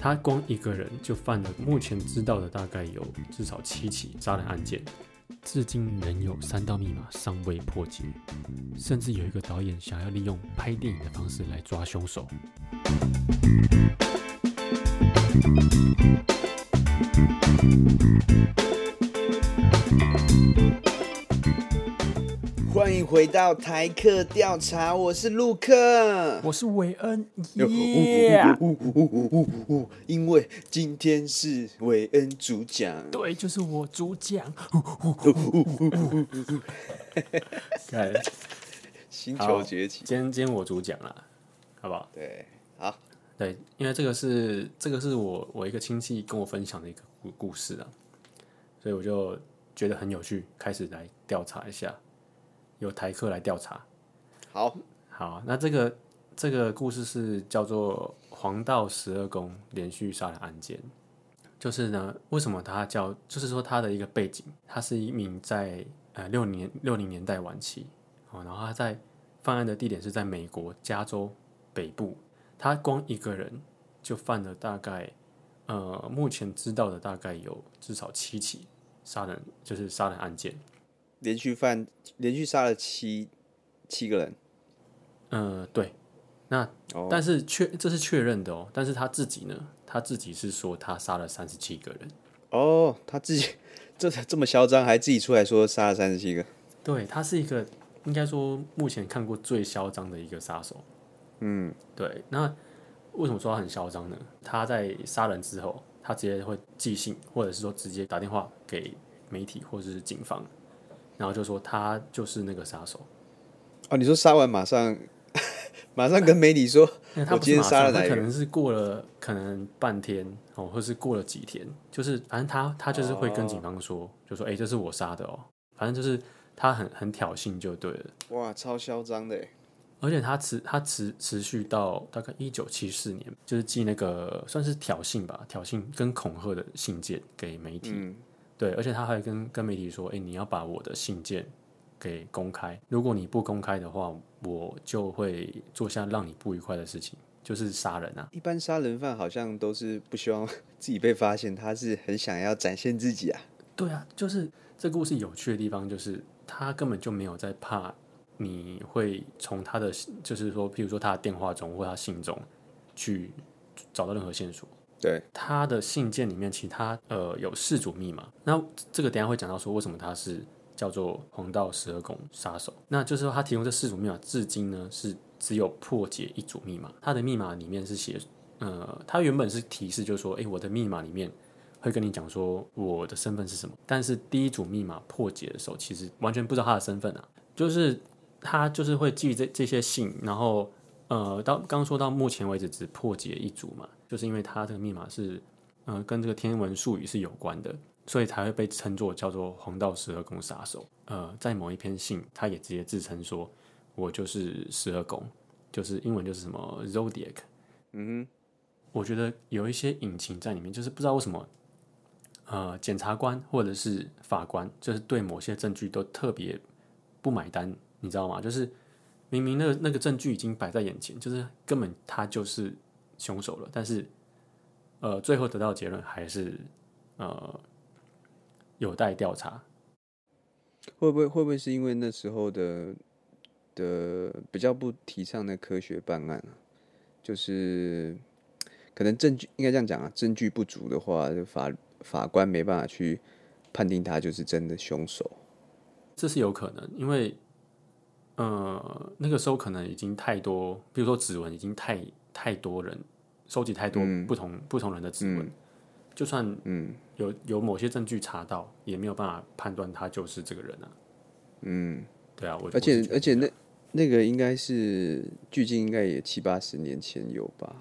他光一個人就犯了目前知道的大概有至少七起殺人案件，至今仍有三道密碼尚未破解，甚至有一個導演想要利用拍電影的方式來抓兇手。回到台客調查，我是陸克，我是韋恩耶，yeah! 因為今天是韋恩主講，對，就是我主講， 星球崛起，今今天我主講啊，好不好？對，好，對，因為這個是，這個是我我一個親戚跟我分享的一個故、故事啊，所以我就覺得很有趣，開始來調查一下。由台客來調查，好好，那這個這個故事是叫做黃道十二宮連續殺人案件，就是呢，為什麼他叫？就是說他的一個背景，他是一名在呃六零六零年代晚期，哦，然後他在犯案的地點是在美國加州北部，他光一個人就犯了大概呃目前知道的大概有至少七起殺人，就是殺人案件。連續犯連續殺了七七個人，呃，對，那、oh. 但是確這是確認的哦。但是他自己呢？他自己是說他殺了三十七個人哦。Oh, 他自己這才這麼囂張，還自己出來說殺了三十七個。對，他是一個應該說目前看過最囂張的一個殺手。嗯，對。那為什麼說他很囂張呢？他在殺人之後，他直接會寄信，或者是說直接打電話給媒體或者是警方。然後就說他就是那個殺手哦。你說殺完馬上馬上跟媒體說，呃、他不今天殺了人，可能是過了可能半天哦，或是過了幾天，就是反正他他就是會跟警方說，哦、就說哎、欸，這是我殺的哦。反正就是他很很挑釁就對了。哇，超囂張的耶，而且他持他持他持,持續到大概一九七四年，就是寄那個算是挑釁吧，挑釁跟恐嚇的信件給媒體。嗯對，而且他還跟跟媒體說：“哎、欸，你要把我的信件給公開，如果你不公開的話，我就會做下讓你不愉快的事情，就是殺人啊。”一般殺人犯好像都是不希望自己被發現，他是很想要展現自己啊。對啊，就是這個故事有趣的地方，就是他根本就沒有在怕你會從他的，就是說，譬如說他的電話中或他信中去找到任何線索。對，他的信件裡面，其他呃有四組密碼，那這個等下會講到說為什麼他是叫做黃道十二宮殺手，那就是說他提供這四組密碼，至今呢是只有破解一組密碼。他的密碼裡面是寫，呃，他原本是提示就是說，哎，我的密碼裡面會跟你講說我的身份是什麼，但是第一組密碼破解的時候，其實完全不知道他的身份啊，就是他就是會寄這這些信，然後呃，到剛剛說到目前為止只破解一組嘛。就是因為他這個密碼是，嗯、呃、跟這個天文術語是有關的，所以才會被稱作叫做黃道十二宮殺手。呃，在某一篇信，他也直接自稱說，我就是十二宮，就是英文就是什麼 Zodiac。嗯哼，我覺得有一些隱情在裡面，就是不知道為什麼，呃，檢察官或者是法官，就是對某些證據都特別不買單，你知道嗎？就是明明那個那個證據已經擺在眼前，就是根本他就是。兇手了，但是，呃，最後得到的結論還是呃有待調查。會不會會不會是因為那時候的的比較不提倡的科學辦案啊？就是可能證據應該這樣講啊，證據不足的話，就法法官沒辦法去判定他就是真的兇手。這是有可能，因為呃那個時候可能已經太多，比如說指紋已經太。太多人收集太多不同、嗯、不同人的指紋，嗯、就算有嗯有某些證據查到，也沒有辦法判斷他就是這個人啊。嗯，對啊，我而且我覺得而且那那個應該是距今應該也七八十年前有吧？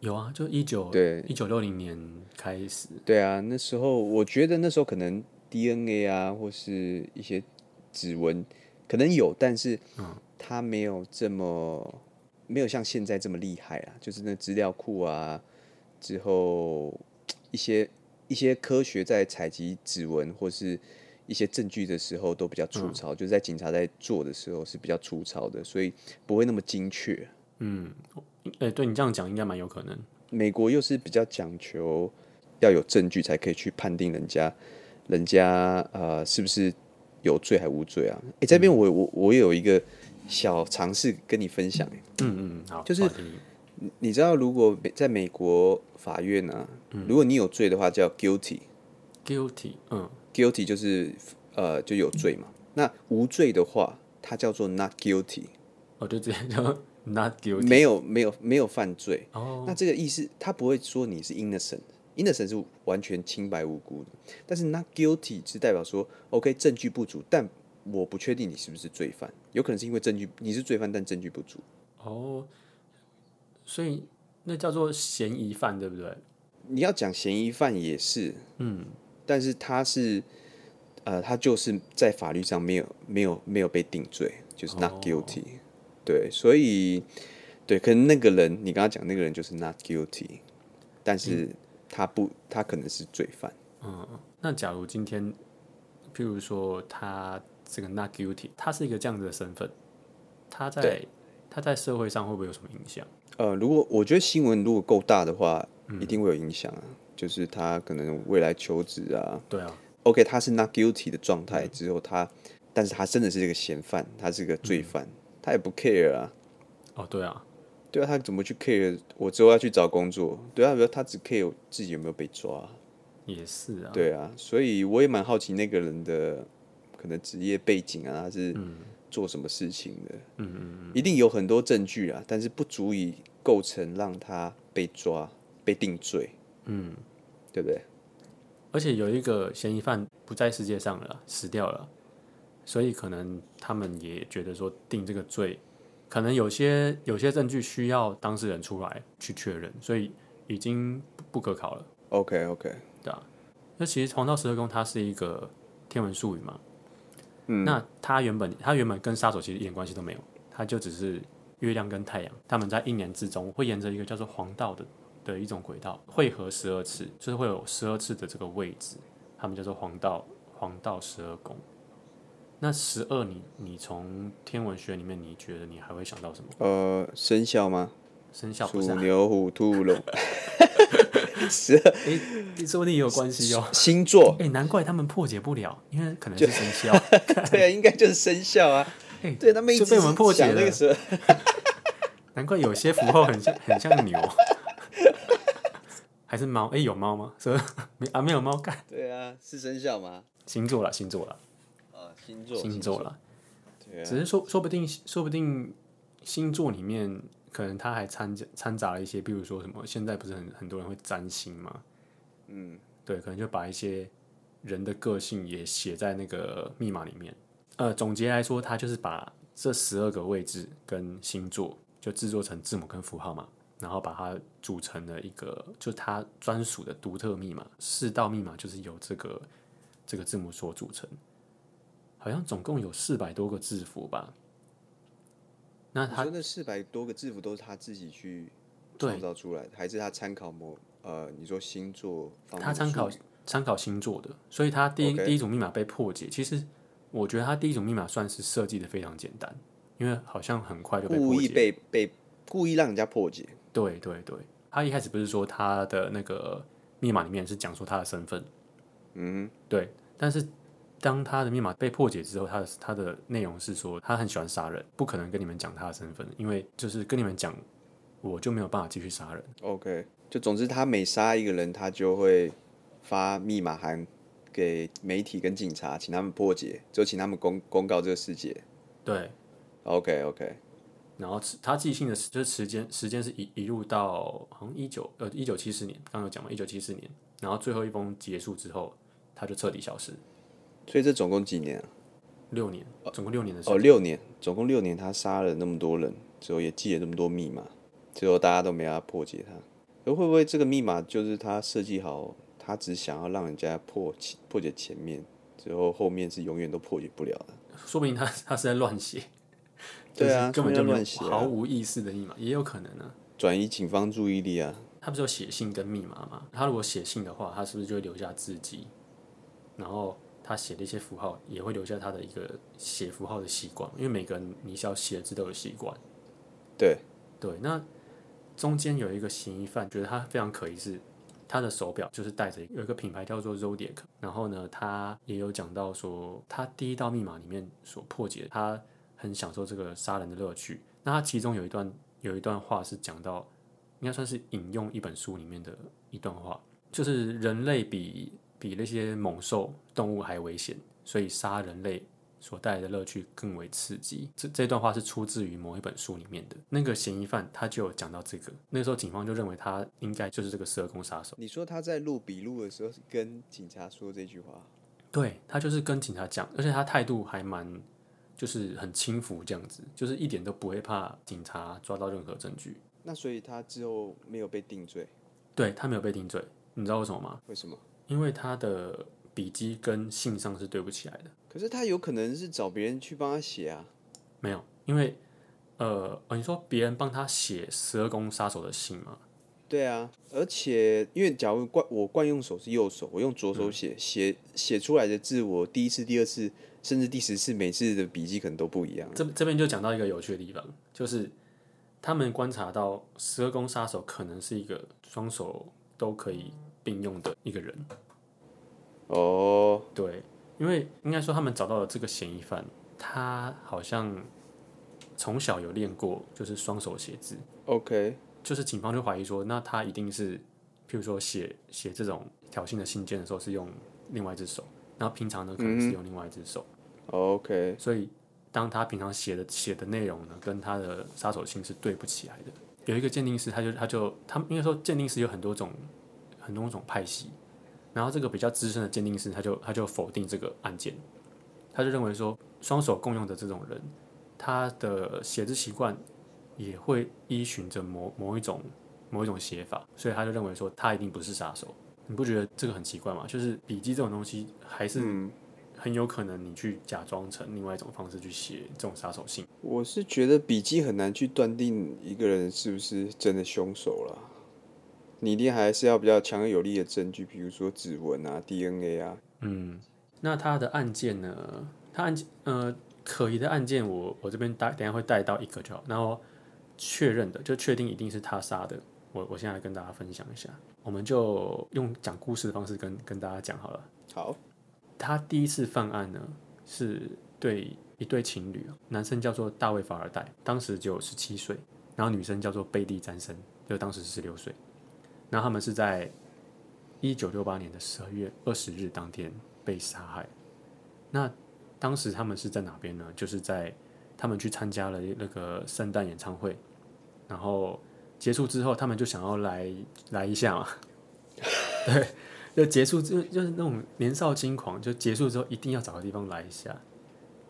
有啊，就一九對一九六零年開始。對啊，那時候我覺得那時候可能 DNA 啊或是一些指紋可能有，但是他沒有這麼。沒有像現在這麼厲害啊，就是那資料庫啊，之後一些一些科學在採集指紋或是一些證據的時候都比較粗糙，嗯、就是在警察在做的時候是比較粗糙的，所以不會那麼精確。嗯，哎，對你這樣講應該蠻有可能。美國又是比較講求要有證據才可以去判定人家，人家啊、呃、是不是有罪還無罪啊？誒，在這邊我我我有一個。嗯小嘗試跟你分享，嗯嗯，嗯，好，就是你知道，如果在美國法院呢、啊，嗯、如果你有罪的話叫 guilty，guilty，gu 嗯，guilty 就是呃就有罪嘛。嗯、那無罪的話，它叫做 not guilty。哦，就直接叫 not guilty，沒有沒有沒有犯罪。哦、oh，那這個意思，他不會說你是 innocent，innocent 是完全清白無辜的，但是 not guilty 是代表說 OK 證據不足，但我不確定你是不是罪犯，有可能是因為證據你是罪犯，但證據不足。哦，oh, 所以那叫做嫌疑犯，對不對？你要講嫌疑犯也是，嗯，但是他是，呃，他就是在法律上沒有沒有沒有被定罪，就是 not guilty。Oh. 對，所以對，可能那個人你剛剛講那個人就是 not guilty，但是他不，嗯、他可能是罪犯。嗯，那假如今天，譬如說他。這個 Not Guilty，他是一個這樣子的身份，他在對他在社會上會不會有什麼影響？呃，如果我覺得新聞如果夠大的話，嗯、一定會有影響啊。就是他可能未來求職啊，對啊。OK，他是 Not Guilty 的狀態，啊、之後他，他但是他真的是一個嫌犯，他是一個罪犯，嗯、他也不 care 啊。哦，對啊，對啊，他怎麼去 care？我之後要去找工作，對啊，比如他只 care 自己有沒有被抓。也是啊。對啊，所以我也蠻好奇那個人的。可能職業背景啊，還是做什麼事情的，嗯嗯，一定有很多證據啊，但是不足以構成讓他被抓、被定罪，嗯，對不對？而且有一個嫌疑犯不在世界上了，死掉了，所以可能他們也覺得說定這個罪，可能有些有些證據需要當事人出來去確認，所以已經不可考了。OK OK，對啊。那其實黃道十二宮它是一個天文術語嘛。嗯、那他原本他原本跟殺手其實一點關係都沒有，他就只是月亮跟太陽，他們在一年之中會沿着一個叫做黃道的的一種軌道匯合十二次，就是會有十二次的這個位置，他們叫做黃道黃道十二宮。那十二，你你從天文學裡面你覺得你還會想到什麼？呃，生肖嗎？生肖不是、啊，鼠。牛、虎、兔、龍。 十二，哎，說不定也有關係喲。星座，哎，難怪他們破解不了，因為可能是生肖。對，應該就是生肖啊。對，他們就被我們破解了。難怪有些符號很像，很像牛，還是貓？哎，有貓嗎？是啊，沒有貓幹。對啊，是生肖嗎？星座了，星座了。啊，星座，星座了。對，只是說，說不定，說不定星座裡面。可能他還摻加摻雜了一些，比如說什麼，現在不是很很多人會占星嘛？嗯，對，可能就把一些人的個性也寫在那個密碼裡面。呃，總結來說，他就是把這十二個位置跟星座就製作成字母跟符號嘛，然後把它組成了一個就他專屬的獨特密碼。四道密碼就是由這個這個字母所組成，好像總共有四百多個字符吧。那他那四百多個字符都是他自己去創造出來的，對還是他參考模？呃，你說星座？方面他參考參考星座的，所以他第一 Okay. 第一組密碼被破解。其實我覺得他第一組密碼算是設計的非常簡單，因為好像很快就被破解。故意被被故意讓人家破解。對對對，他一開始不是說他的那個密碼裡面是講述他的身份？嗯哼，對，但是。當他的密碼被破解之後，他的他的內容是說他很喜歡殺人，不可能跟你們講他的身份，因為就是跟你們講，我就沒有辦法繼續殺人。OK，就總之他每殺一個人，他就會發密碼函給媒體跟警察，請他們破解，就請他們公公告這個世界。對，OK OK。然後他寄信的時就是時間時間是一一路到好像一九呃一九七四年，剛剛有講嘛，一九七四年，然後最後一封結束之後，他就徹底消失。所以這總共幾年啊？六年，總共六年的時候，哦哦，六年，總共六年，他殺了那麼多人，最後也記了那麼多密碼，最後大家都沒辦法破解他。那會不會這個密碼就是他設計好，他只想要讓人家破解破解前面，最後後面是永遠都破解不了的？說明他他是在亂寫。對啊，根本就亂寫，毫無意思的密碼。啊、也有可能啊，轉移警方注意力啊。他不是有寫信跟密碼嗎？他如果寫信的話，他是不是就會留下字跡，然後？他寫的一些符號也會留下他的一個寫符號的習慣，因為每個人你想要寫字都有習慣。對對，那中間有一個嫌疑犯，覺得他非常可疑，是他的手錶就是戴着，一有一個品牌叫做 Zodiac，然後呢，他也有講到說，他第一道密碼裡面所破解，他很享受這個殺人的樂趣。那他其中有一段，有一段話是講到，應該算是引用一本書裡面的一段話，就是人類比比那些猛獸動物還危險，所以殺人類所帶來的樂趣更為刺激。這這段話是出自於某一本書裡面的那個嫌疑犯，他就講到這個。那個時候警方就認為他應該就是這個十二宮殺手。你說他在錄筆錄的時候是跟警察說這句話？對，他就是跟警察講，而且他態度還蠻就是很輕浮這樣子，就是一點都不會怕警察抓到任何證據。那所以他之後沒有被定罪？對，他沒有被定罪，你知道為什麼嗎？為什麼？因為他的筆跡跟信上是對不起來的。可是他有可能是找別人去幫他寫啊？沒有，因為呃我、哦、你說別人幫他寫《十二宮殺手》的信嗎？對啊，而且因為假如慣我慣用手是右手，我用左手寫、嗯、寫寫出來的字，我第一次、第二次，甚至第十次，每次的筆跡可能都不一樣。這這邊就講到一個有趣的地方，就是他們觀察到《十二宮殺手》可能是一個雙手都可以。併用的一個人哦，oh。對，因為應該說他們找到了這個嫌疑犯，他好像從小有練過，就是雙手寫字。OK，就是警方就懷疑說，那他一定是，譬如說寫寫這種挑釁的信件的時候是用另外一只手，那平常呢可能是用另外一只手。Mm hmm. OK，所以當他平常寫的寫的內容呢，跟他的殺手信是對不起來的。有一個鑑定師他，他就他就他應該說鑑定師有很多種。很多種派系，然後這個比較資深的鑑定師，他就他就否定這個案件，他就認為說，雙手共用的這種人，他的寫字習慣也會依循着某某一種某一種寫法，所以他就認為說，他一定不是殺手。你不覺得這個很奇怪嗎？就是筆跡這種東西，還是很有可能你去假裝成另外一種方式去寫這種殺手信，嗯。我是覺得筆跡很難去斷定一個人是不是真的兇手了。你一定還是要比較強有力的證據，比如說指紋啊、DNA 啊。嗯，那他的案件呢？他案件呃，可疑的案件我，我我這邊帶等一下會帶到一個就好。然後確認的，就確定一定是他殺的。我我現在來跟大家分享一下，我們就用講故事的方式跟跟大家講好了。好，他第一次犯案呢，是對一對情侶，男生叫做大衛·法爾代，當時只有十七歲，然後女生叫做貝蒂·詹森，就當時十六歲。那他們是在一九六八年的十二月二十日當天被殺害。那當時他們是在哪邊呢？就是在他們去參加了那個聖誕演唱會，然後結束之後，他們就想要來來一下嘛。 對，就結束就就是那種年少輕狂，就結束之後一定要找個地方來一下。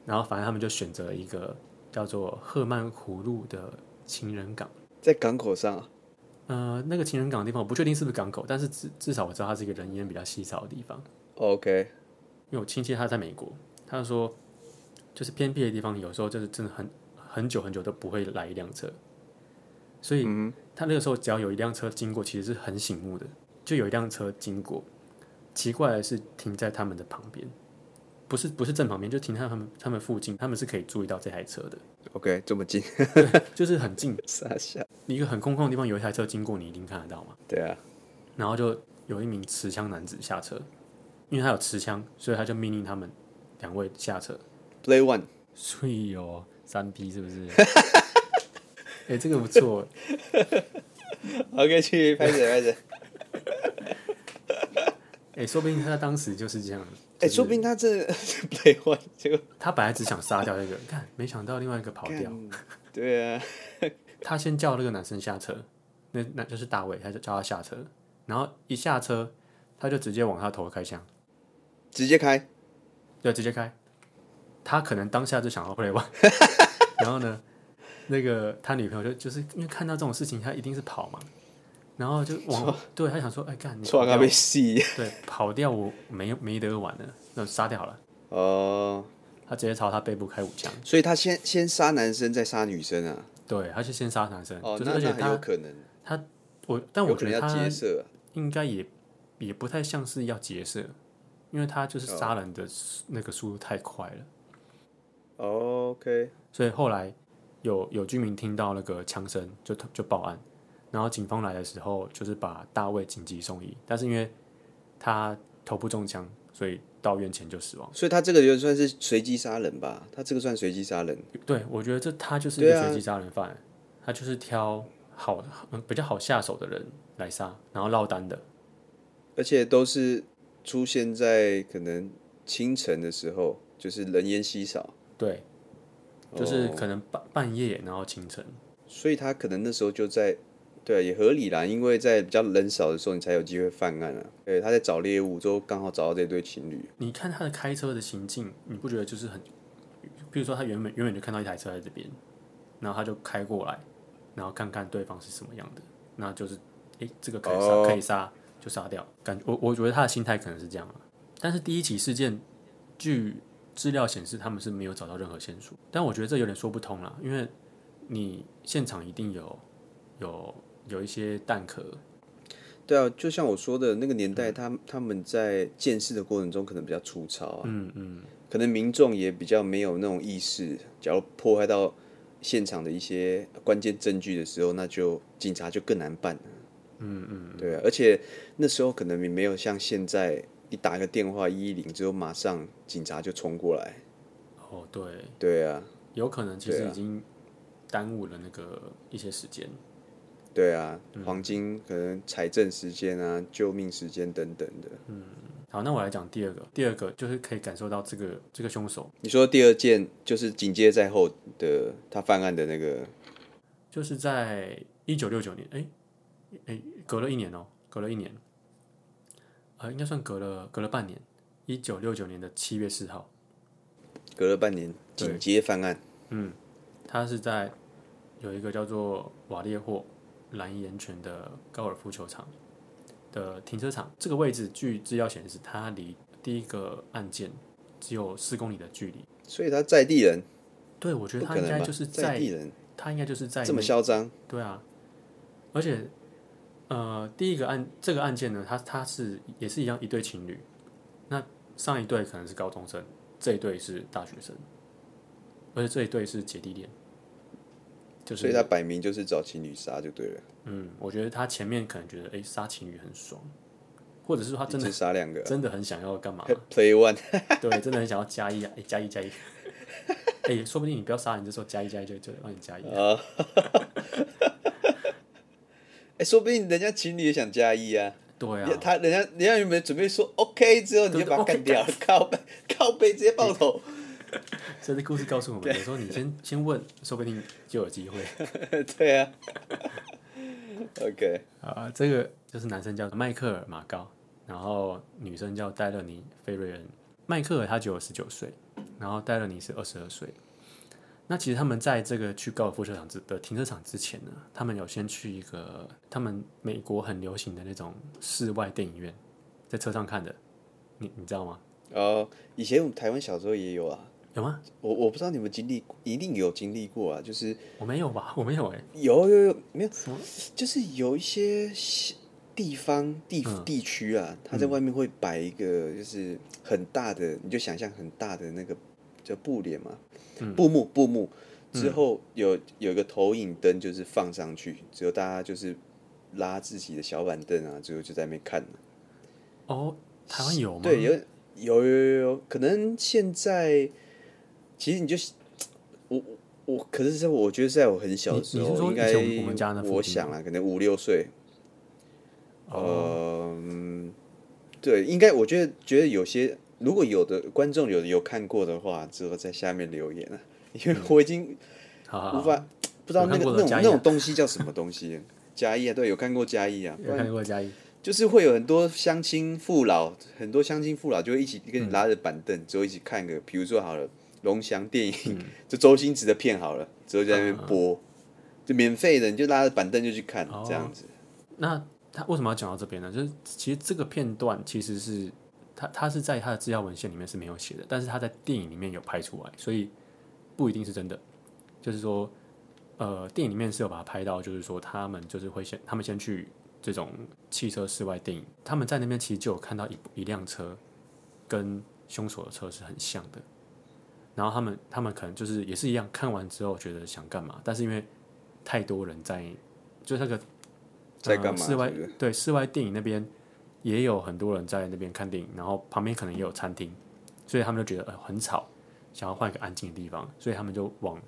然後，反正他們就選擇了一個叫做赫曼湖路的情人港，在港口上，啊呃，那個情人港的地方我不確定是不是港口，但是至至少我知道它是一個人煙比較稀少的地方。OK，因為我親戚他在美國，他就說就是偏僻的地方，有時候就是真的很很久很久都不會來一輛車，所以他那個時候只要有一輛車經過，其實是很醒目的，就有一輛車經過。奇怪的是停在他們的旁邊。不是不是正旁邊，就停在他們他們附近，他們是可以注意到這台車的。OK，這麼近 ，就是很近。傻 一個很空曠的地方，有一台車經過，你一定看得到嘛？對啊。然後就有一名持槍男子下車，因為他有持槍，所以他就命令他們兩位下車。Play one, three 喲，三 P 是不是？哎、 欸，這個不錯。 OK，去拍子拍子。哎、 欸，說不定他當時就是這樣。哎，說不定他這就， 他本來只想殺掉那、這個，看沒想到另外一個跑掉，對啊，他先叫那個男生下車，那那就是大衛，他就叫他下車，然後一下車他就直接往他頭開槍，直接開，對，直接開，他可能當下就想要 play 完 然後呢，那個他女朋友就就是因為看到這種事情，他一定是跑嘛。然後就往說對，他想說，哎幹，你突然間被吸，對，跑掉我沒沒得玩了，那殺掉好了。哦，他直接朝他背部開五槍，所以他先先殺男生再殺女生啊？對，他是先殺男生，哦，就是很有可能。他，他我但我覺得他、啊、應該也也不太像是要劫色，因為他就是殺人的那個速度太快了。哦、OK，所以後來有有居民聽到那個槍聲，就就報案。然後警方來的時候，就是把大衛緊急送醫，但是因為他頭部中槍，所以到院前就死亡。所以他這個就算是隨機殺人吧？他這個算隨機殺人？對，我覺得這他就是一個隨機殺人犯，啊、他就是挑好比較好下手的人來殺，然後落單的，而且都是出現在可能清晨的時候，就是人煙稀少，對，就是可能半半夜然後清晨，Oh. 所以他可能那時候就在。對，也合理啦，因為在比較人少的時候，你才有機會犯案了啊。對，他在找獵物，就剛好找到這對情侶。你看他的開車的行徑，你不覺得就是很？比如說，他原本遠遠就看到一台車在這邊，然後他就開過來，然後看看對方是什麼樣的，那就是，哎，這個可以殺，oh. 可以殺，就殺掉。感覺我我覺得他的心態可能是這樣嘛。但是第一起事件，據資料顯示，他們是沒有找到任何線索，但我覺得這有點說不通了，因為你現場一定有有。有一些蛋殼，對啊，就像我說的那個年代，他他們在建設的過程中可能比較粗糙啊，嗯嗯，嗯可能民眾也比較沒有那種意識。假如破壞到現場的一些關鍵證據的時候，那就警察就更難辦了，嗯嗯，嗯對啊，而且那時候可能沒有像現在一打一個電話一一零之後馬上警察就衝過來，哦，對，對啊，有可能其實已經耽誤了那個一些時間。對啊，黃金可能財政時間啊，嗯、救命時間等等的。嗯，好，那我來講第二個。第二個就是可以感受到這個這個兇手。你說第二件就是緊接在後的他犯案的那個，就是在一九六九年，哎、欸、哎、欸，隔了一年哦、喔，隔了一年，啊、呃，應該算隔了隔了半年。一九六九年的七月四號，隔了半年緊接犯案。嗯，他是在有一個叫做瓦列霍藍岩泉的高爾夫球場的停車場，這個位置據資料顯示，它離第一個案件只有四公里的距離。所以他在地人。對，我覺得他應該就是在，在地人。他應該就是在這麼囂張。對啊，而且，呃，第一個案這個案件呢，他他是也是一樣，一對情侶。那上一對可能是高中生，這一對是大學生，而且這一對是姐弟戀。所以他擺明就是找情侶殺就對了。嗯，我覺得他前面可能覺得，哎、欸，殺情侶很爽，或者是他真的殺兩個、啊，真的很想要幹嘛、啊？Play one， 對，真的很想要加一啊！哎、欸，加一加一，哎、 欸，說不定你不要殺 你，這時候加一加一就就讓你加一。啊！哎、uh, 欸，說不定人家情侶也想加一啊！對啊，他人家人家有沒有準備說 OK 之後你就把他幹掉？靠北靠北直接爆頭。這個故事告訴我們，有時候你先先問，說不定就有機會。 對啊。OK 啊、呃，這個就是男生叫邁克爾馬高，然後女生叫戴勒尼菲瑞恩。邁克爾他只有十九歲，然後戴勒尼是二十二歲。那其實他們在這個去高爾夫球場之的停車場之前呢，他們有先去一個他們美國很流行的那種室外電影院，在車上看的。你你知道嗎？哦，以前我們台灣小時候也有啊。有嗎？我我不知道你們經歷，一定有經歷過啊。就是我沒有吧？我沒有哎、欸。有有有，沒有。什麼？就是有一些地方地地區啊，他，嗯、在外面會擺一個，就是很大的，你就想象很大的那個叫布簾嘛，嗯、布幕布幕。之後有有一個投影燈，就是放上去，之後，嗯、大家就是拉自己的小板凳啊，之後就在那邊看，啊。哦，台灣有嗎？對，有有有有，有，有，可能現在。其實你就，我我可是，在我覺得，在我很小的時候，應該我想啊，可能五六歲。嗯、Oh. 呃、對，應該我覺得覺得有些，如果有的觀眾有有看過的話，之後在下面留言啊，因為我已經無法、嗯、好好不知道那個那種、啊、那種東西叫什麼東西？加 一啊，對，有看過加一啊，有看過嘉義，就是會有很多鄉親父老，很多鄉親父老就會一起跟你拉着板凳，之後、嗯、一起看個，比如說好了。龍祥電影，嗯、就周星馳的片好了，之後就在那邊播，啊、就免費的，你就拉着板凳，就去看，哦、這樣子。那他為什麼要講到這邊呢？就是其實這個片段其實是他，他是在他的資料文獻裡面是沒有寫的，但是他在電影裡面有拍出來，所以不一定是真的。就是說，呃，電影裡面是有把它拍到，就是說他們就是會先他們先去這種汽車室外電影，他們在那邊其實就有看到一一輛車跟兇手的車是很像的。然後他們，他們可能就是也是一樣，看完之後覺得想幹嘛，但是因為太多人在，就那個、呃、在幹嘛？室外，對，室外電影那邊也有很多人在那邊看電影，然後旁邊可能也有餐廳，所以他們就覺得、呃、很吵，想要換一個安靜的地方，所以他們就往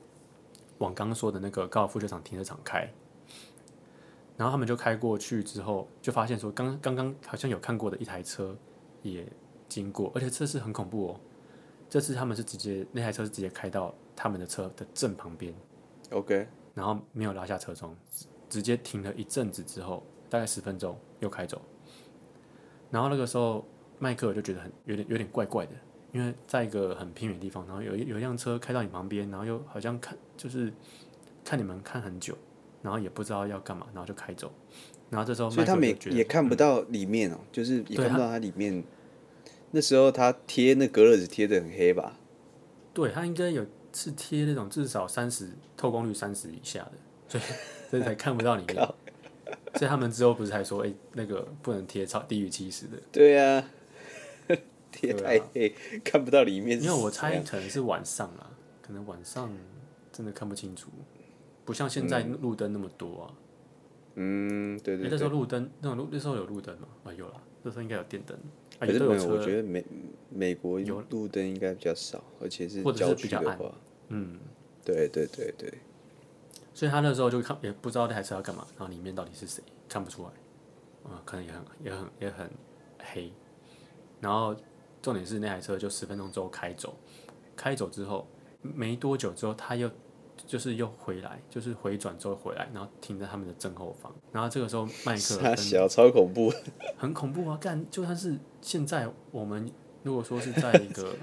往剛剛說的那個高爾夫球場停車場開。然後他們就開過去之後，就發現說剛剛剛好像有看過的一台車也經過，而且這是很恐怖哦！這次他們是直接那台車是直接開到他們的車的正旁邊，OK，然後沒有拉下車窗，直接停了一陣子之後，大概十分鐘又開走。然後那個時候，邁克爾就覺得很有點有點怪怪的，因為在一個很偏遠的地方，然後有一有一輛車開到你旁邊，然後又好像看就是看你們看很久，然後也不知道要幹嘛，然後就開走。然後這時候麥克，所以他們也也看不到裡面哦，嗯、就是也看不到它裡面。那時候他貼那隔熱紙貼的很黑吧？對，他應該有是貼那種至少三十透光率三十以下的，所以 才看不到裡面。 所以他們之後不是還說，哎、欸，那個不能貼超低於七十的。對啊，貼太黑、啊、 看不到裡面。因為我猜可能是晚上了、啊，可能晚上真的看不清楚，不像現在路燈那麼多啊。嗯，對對、對、對、欸。那時候路燈那種路那時候有路燈嗎？啊、哎，有了。那時候應該有電燈。可是沒有，有我覺得美美國有路燈應該比較少，有而且是，或者是比較暗，嗯，對對對對，所以他那時候就看也不知道那台車要幹嘛，然後裡面到底是誰，看不出來，嗯，可能也很也很也很黑，然後重點是那台車就十分鐘之後開走，開走之後沒多久之後他又。就是又回來，就是回轉之後回來，然後停在他們的正後方。然後這個時候跟，麥克嚇死，超恐怖，很恐怖啊！幹，就算是現在，我們如果說是在一個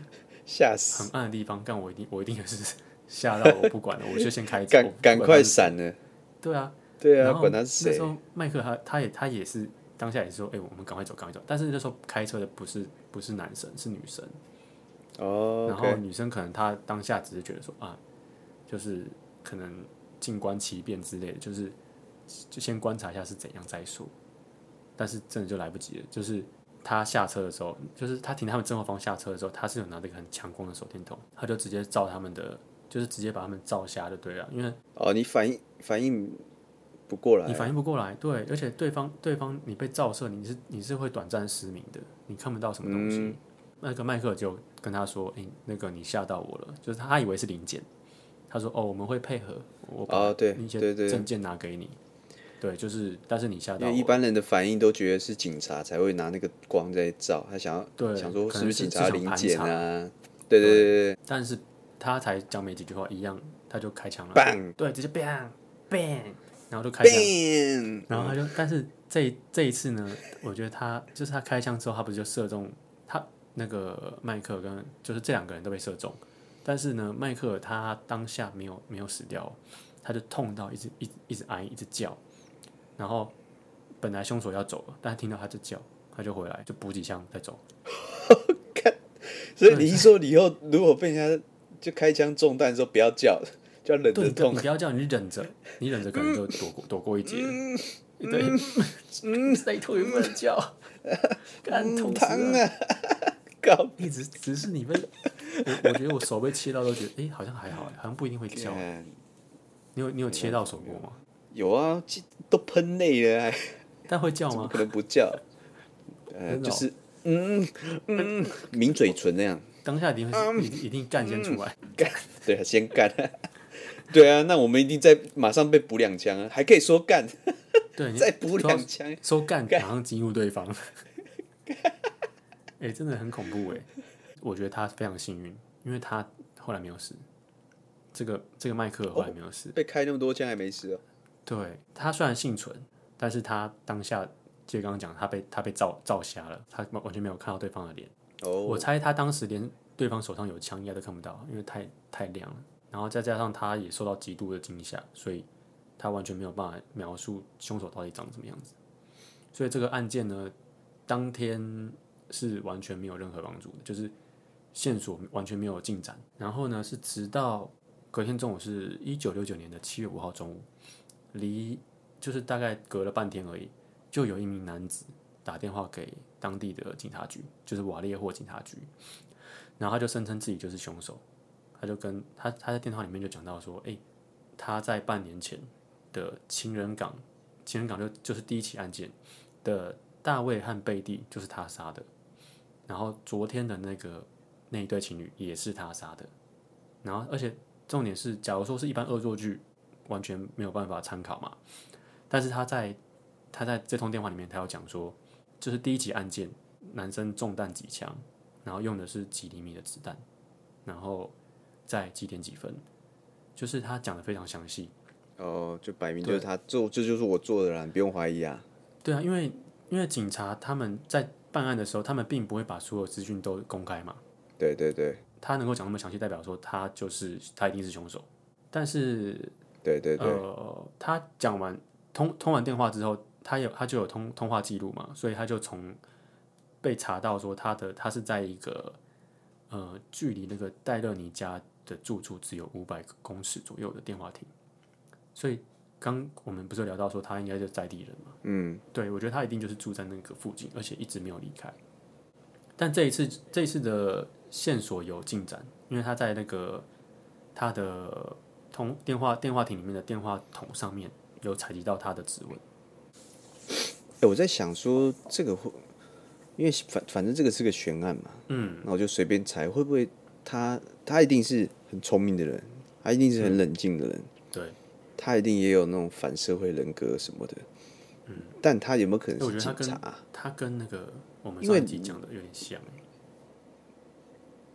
下很暗的地方，幹 死我一定我一定也是嚇到，我不管了，我就先開走，趕快閃呢？對啊，對啊，然後那時候麥克他他也他也是當下也是說，哎、欸，我們趕快走，趕快走。但是那時候開車的不是不是男生，是女生。哦，oh, okay. 然後女生可能她當下只是覺得說啊。就是可能靜觀其變之類的，就是就先觀察一下是怎樣再說。但是真的就來不及了。就是他下車的時候，就是他停他們正後方下車的時候，他是有拿那個很強光的手電筒，他就直接照他們的，就是直接把他們照瞎就對了。因為哦，你反應反應不過來，你反應不過來，對，而且對方對方你被照射，你是你是會短暫失明的，你看不到什麼東西。那個麥克就跟他說：“欸，那個你嚇到我了。”就是他以為是零件。他說：“哦，我們會配合，我把對對對證件拿給你、哦對對對對。對，就是，但是你下掉。因為一般人的反應都覺得是警察才會拿那個光在照，他想要對想說是不是警察臨檢啊，啊？對對對。對對對對對，但是他才講沒幾句話，一樣他就開槍了，bang，對，直接 bang bang，然後就開槍，bang 然後他就，但是這這一次呢，我覺得他 就是他開槍之後，他不是就射中他那個麥克跟就是這兩個人都被射中。”但是呢，邁克爾他當下沒有沒有死掉，他就痛到一直一一直哀，一直叫，然後本來兇手要走了，但他聽到他就叫，他就回來就補幾槍再走呵呵。所以你一說你以後如果被人家就開槍中彈的時候，不要叫，就忍着痛，不要叫，你忍着，你忍着可能就躲過、嗯、躲過一劫。對，嗯，誰痛 也不能叫，很疼、嗯嗯、啊。一直、欸、只是你們，我覺得我手被切到都覺得，哎、欸，好像還好、欸，好像不一定會叫。你有你有切到手過嗎？有啊，都噴淚了、啊，但會叫嗎？怎麼可能不叫？嗯、就是嗯嗯抿嘴唇那樣。哦、當下敵人一定一定幹先出來幹、嗯，對、啊，先幹、啊。對啊，那我們一定再馬上被補兩槍啊，還可以說幹。補兩槍對，再補兩槍說幹幹幹馬上進入對方。哎、欸，真的很恐怖哎！ 我覺得他非常幸運，因為他後來沒有死。這個這個麥克後來沒有死，哦、被開那麼多槍還沒事、啊。對他雖然幸存，但是他當下，就剛剛講，他被他被照照瞎了，他完全沒有看到對方的臉。哦。我猜他當時連對方手上有槍應該都看不到，因為太太亮了。然後再加上他也受到極度的驚嚇，所以他完全沒有辦法描述凶手到底長什麼樣子。所以這個案件呢，當天。是完全沒有任何幫助的，就是線索完全沒有進展。然後呢，是直到隔天中午，是一九六九年的七月五號中午，離就是大概隔了半天而已，就有一名男子打電話給當地的警察局，就是瓦列霍警察局，然後他就聲稱自己就是兇手，他就跟他他在電話裡面就講到說，哎、欸，他在半年前的情人港，情人港就就是第一起案件的大衛和貝蒂就是他殺的。然後昨天的那個那一對情侶也是他殺的，然後而且重點是，假如說是一般惡作劇，完全沒有辦法參考嘛。但是他在他在這通電話裡面，他要講說，就是第一起案件，男生中彈幾槍，然後用的是幾釐米的子彈，然後在幾點幾分，就是他講的非常詳細。哦、呃，就擺明就是他做，對這就是我做的啦，你不用懷疑啊。對啊，因為因為警察他們在。辦案的時候，他們並不會把所有資訊都公開嘛。對對對，他能夠講那麼詳細，代表說他就是他一定是兇手。但是，對對對，呃，他講完通通完電話之後，他有他就有通通話記錄嘛，所以他就從被查到說他的他是在一個呃距離那個戴勒尼家的住處只有五百公尺左右的電話亭，所以。剛我們不是聊到說他應該就是在地人嘛？嗯，對，我覺得他一定就是住在那個附近，而且一直沒有離開。但這一次，這一次的線索有進展，因為他在那個他的通電話電話亭裡面的電話筒上面有採集到他的指紋。哎，我在想說這個會，因為反反正這個是個懸案嘛，嗯，那我就隨便猜，會不會他他一定是很聰明的人，他一定是很冷靜的人，嗯，對。對。他一定也有那種反社會人格什麼的，嗯，但他有沒有可能是警察？他跟，他跟那個我們上集講的有點像，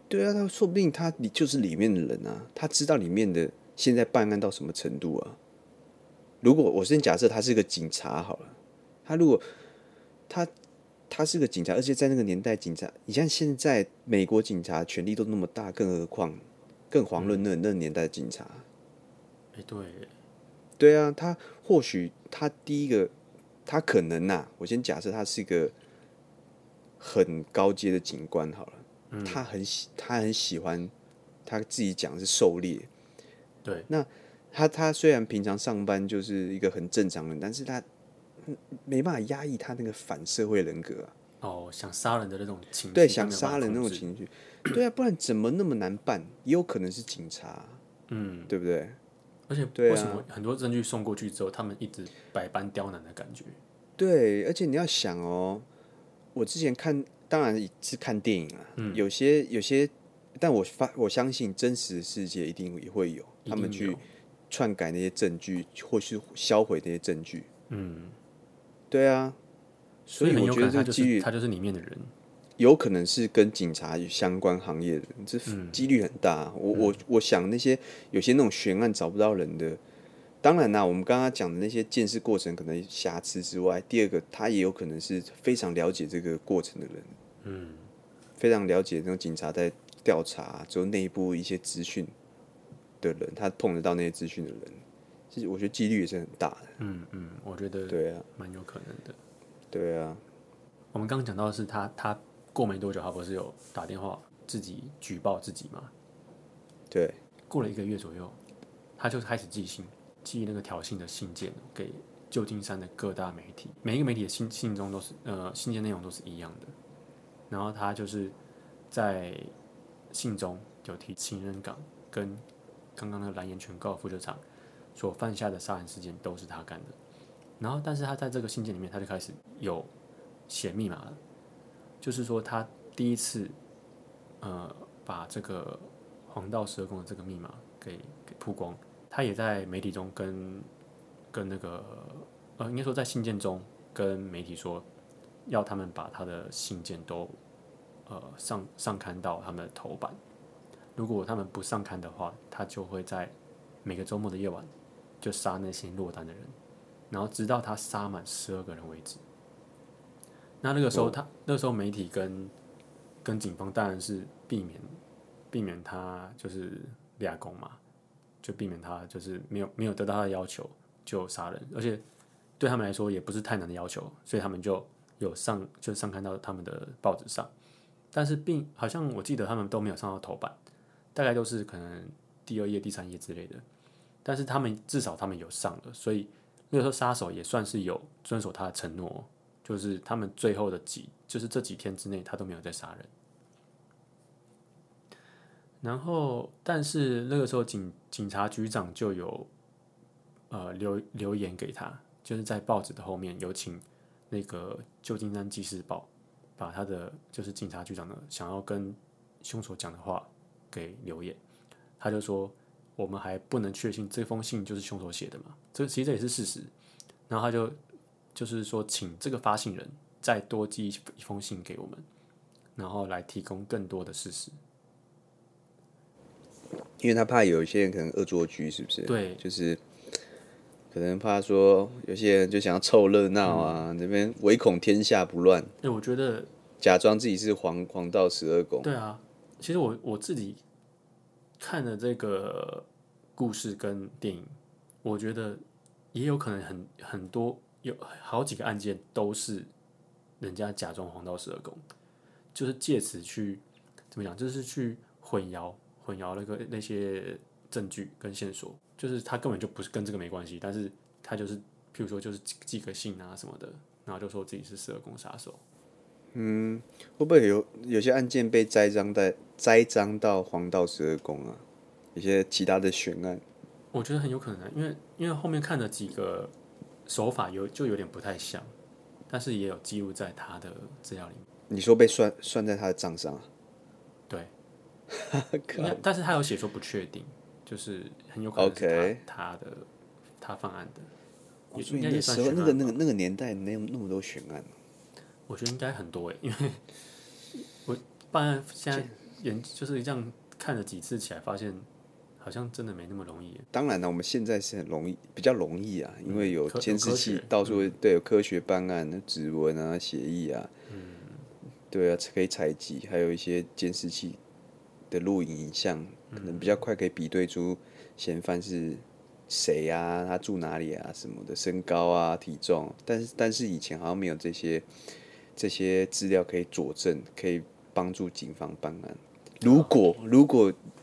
對啊，他說不定他就是裡面的人啊，他知道裡面的現在辦案到什麼程度啊。如果我先假設他是個警察好了，他如果他他是個警察，而且在那個年代警察，你像現在美國警察權力都那麼大，更何況更遑論那個嗯、那年代的警察，欸、對、欸。對啊，他或許他第一個，他可能吶、啊，我先假設他是一個很高階的警官好了，嗯、他很喜他很喜歡他自己講的是狩獵，對，那他他雖然平常上班就是一個很正常的人，但是他沒辦法壓抑他那個反社會人格啊，哦，想殺人的那種情緒，對，想殺人的那種情緒， 對啊，不然怎麼那麼難辦？也有可能是警察、啊，嗯，對不對？而且對，為什麼很多證據送過去之後，啊、他們一直百般刁難的感覺？對，而且你要想哦，我之前看，當然是看電影啊，嗯、有些有些，但我發我相信真實的世界一定也會有,有他們去篡改那些證據，或是銷毀那些證據。嗯，對啊，所以我覺得這個機遇、就是，他就是裡面的人。有可能是跟警察相關行業的，這幾率很大。嗯、我我我想那些有些那種懸案找不到人的，嗯、當然啦、啊，我們剛剛講的那些鑑識過程可能瑕疵之外，第二個他也有可能是非常了解這個過程的人，嗯，非常了解那種警察在調查之後內部一些資訊的人，他碰得到那些資訊的人，其實我覺得幾率也是很大的。嗯嗯，我覺得對啊，蠻有可能的。對啊，對啊，我們剛剛講到的是他他。過沒多久，他不是有打電話自己舉報自己嗎？對，過了一個月左右，他就開始寄信，寄那個挑釁的信件給舊金山的各大媒體。每一個媒體的信信中都是，呃，信件內容都是一樣的。然後他就是在信中就提情人港跟剛剛那個藍岩泉高爾夫球場所犯下的殺人事件都是他幹的。然後，但是他在這個信件裡面，他就開始有寫密碼了。就是說，他第一次，呃，把這個黃道十二宮的這個密碼給給曝光。他也在媒體中跟跟那個，呃，應該說在信件中跟媒體說，要他們把他的信件都，呃，上上刊到他們的頭版。如果他們不上刊的話，他就會在每個周末的夜晚就殺那些落單的人，然後直到他殺滿十二個人為止。那那個時候，他那個時候媒體跟跟警方當然是避免避免他就是立功嘛，就避免他就是沒有沒有得到他的要求就殺人，而且對他們來說也不是太難的要求，所以他們就有上就上看到他們的報紙上，但是並好像我記得他們都沒有上到頭版，大概都是可能第二頁第三頁之類的，但是他們至少他們有上了，所以那個時候殺手也算是有遵守他的承諾。就是他們最後的幾，就是這幾天之內，他都沒有再殺人。然後，但是那個時候警，警警察局長就有呃留留言給他，就是在報紙的後面有請那個《舊金山紀事報》把他的就是警察局長的想要跟凶手講的話給留言。他就說：“我們還不能確信這封信就是凶手寫的嘛？”這其實這也是事實。然後他就。就是說，請這個發行人再多寄一封信給我們，然後來提供更多的事實，因為他怕有一些人可能惡作劇，是不是？對，就是可能怕說有些人就想要湊熱鬧啊，嗯、那邊唯恐天下不亂。對、欸，我覺得假裝自己是黃黃道十二宮。對啊，其實我我自己看了這個故事跟電影，我覺得也有可能很很多。有好幾個案件都是人家假裝黃道十二宮，就是借此去怎麼講，就是去混淆混淆那個那些證據跟線索，就是他根本就不是跟這個沒關係，但是他就是譬如說就是寄，寄個信啊什麼的，然後就說自己是十二宮殺手。嗯，會不會有有些案件被栽贓在栽贓到黃道十二宮啊？一些其他的懸案，我覺得很有可能啊，因為因為後面看了幾個。手法有就有點不太像，但是也有記錄在他的資料裡面。你說被算算在他的賬上？啊。對。那 God 但是他有寫說不確定，就是很有可能的他，Okay 他的他犯案的。我覺得也是應該也算那個那個年代沒有那麼多懸案。我覺得應該很多，欸、因為我辦案現在人就是這樣看了幾次起來，發現。好像真的沒那麼容易。當然、啊、我們現在是很容易，比較容易啊，嗯、因為有監視器有到處、嗯、對有科學辦案，指紋啊、鞋印啊，嗯，對啊，可以採集，還有一些監視器的錄影影像，嗯、可能比較快可以比對出嫌犯是誰啊，他住哪裡啊，什麼的，身高啊、體重，但是但是以前好像沒有這些這些資料可以佐證，可以幫助警方辦案。如果、哦、如果。嗯如果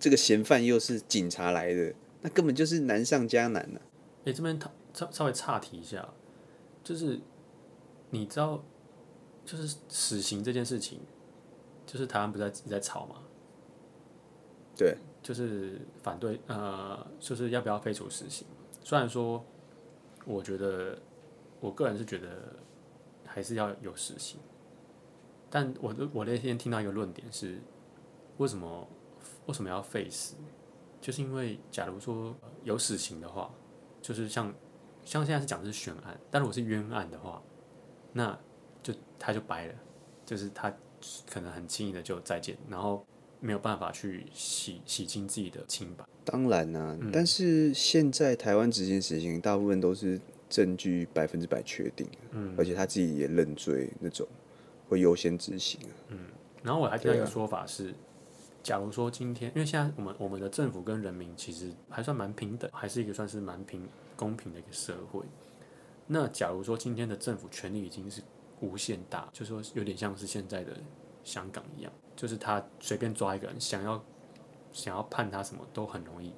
這個嫌犯又是警察來的，那根本就是難上加難了啊。哎，這邊稍，稍微岔題一下，就是你知道，就是死刑這件事情，就是台灣不是在在吵嗎？對，就是反對，呃，就是要不要廢除死刑？雖然說，我覺得我個人是覺得還是要有死刑，但我我那天聽到一個論點是，為什麼？為什麼要廢死？就是因為假如說，呃，有死刑的話，就是像像現在是講的是懸案，但如果是冤案的話，那就他就白了，就是他可能很輕易的就再見，然後沒有辦法去洗洗清自己的清白。當然啊，嗯，但是現在台灣執行死刑大部分都是證據百分之百確定，嗯，而且他自己也認罪，那種會優先執行。嗯，然後我還聽到一個說法是。假如說今天，因為現在我們我們的政府跟人民其實還算蠻平等，還是一個算是蠻平公平的一個社會。那假如說今天的政府權力已經是無限大，就是說有點像是現在的香港一樣，就是他隨便抓一個人，想要想要判他什麼都很容易。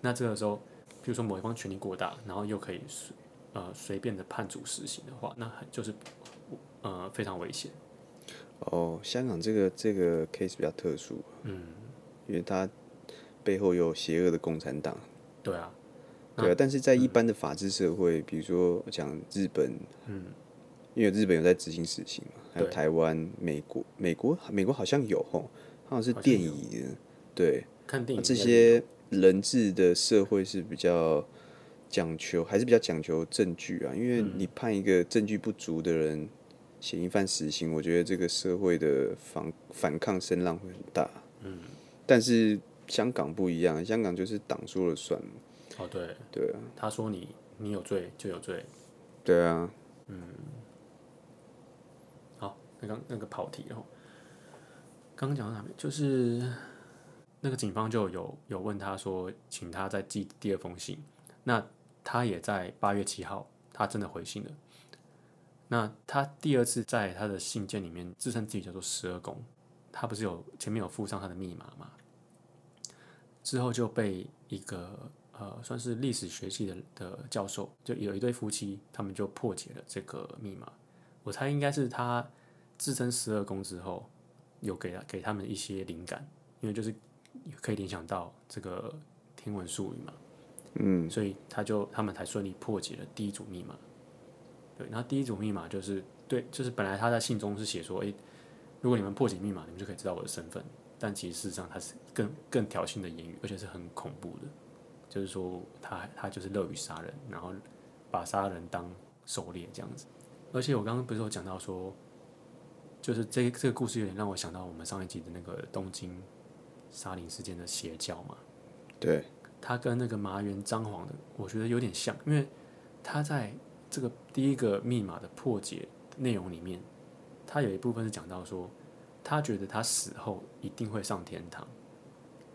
那這個時候，比如說某一方權力過大，然後又可以隨呃隨便的判處死刑的話，那很就是呃非常危險。哦，香港，這個這個 case 比較特殊，嗯，因為它，背後有邪惡的共產黨。對啊，對啊，但是在一般的法治社會，嗯、比如說我講日本，嗯，因為日本有在執行死刑嘛，對還有台灣、美國、美國、美國好像有哦，好像是電影，對，看電影。這些人質的社會是比較講求，還是比較講求證據啊？因為你判一個證據不足的人。嗯嫌疑犯死刑，我覺得這個社會的反反抗聲浪會很大。嗯，但是香港不一樣，香港就是黨說了算。哦，對，對啊，他說你你有罪就有罪。對啊，嗯。好，那剛那個跑題哦。剛剛講到哪邊？就是那個警方就有有問他說，請他再寄第二封信。那他也在八月七號，他真的回信了。那他第二次在他的信件裡面自稱自己叫做十二宮，他不是有前面有附上他的密碼嗎？之後就被一個呃算是歷史學系的的教授，就有一對夫妻，他們就破解了這個密碼。我猜應該是他自稱十二宮之後，有給他給他們一些靈感，因為就是可以聯想到這個天文術語嘛，嗯，所以他就他們才順利破解了第一組密碼。對，然後第一組密碼就是對，就是本來他在信中是寫說：“誒，如果你們破解密碼，你們就可以知道我的身份。”但其實事實上，他是更更挑釁的言語，而且是很恐怖的，就是說他他就是樂於殺人，然後把殺人當狩獵這樣子。而且我剛剛不是有講到說，就是這這個故事有點讓我想到我們上一集的那個東京沙林事件的邪教嘛？對，他跟那個麻原彰晃的，我覺得有點像，因為他在。這個第一個密碼的破解的內容裡面，他有一部分是講到說，他覺得他死後一定會上天堂。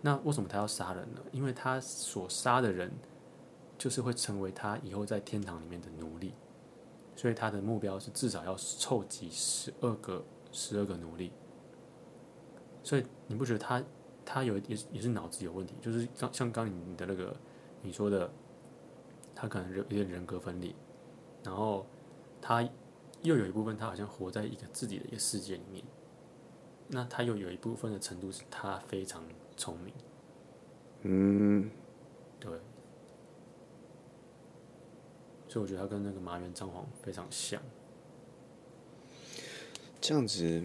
那為什麼他要殺人呢？因為他所殺的人，就是會成為他以後在天堂裡面的奴隸。所以他的目標是至少要湊齊十二個十二個奴隸。所以你不覺得他他有也也是腦子有問題？就是像像剛剛你的那個你說的，他可能有有點人格分裂。然後，他又有一部分，他好像活在一個自己的一個世界裡面。那他又有一部分的程度是，他非常聰明。嗯，對。所以我覺得他跟那個麻原彰晃非常像。這樣子，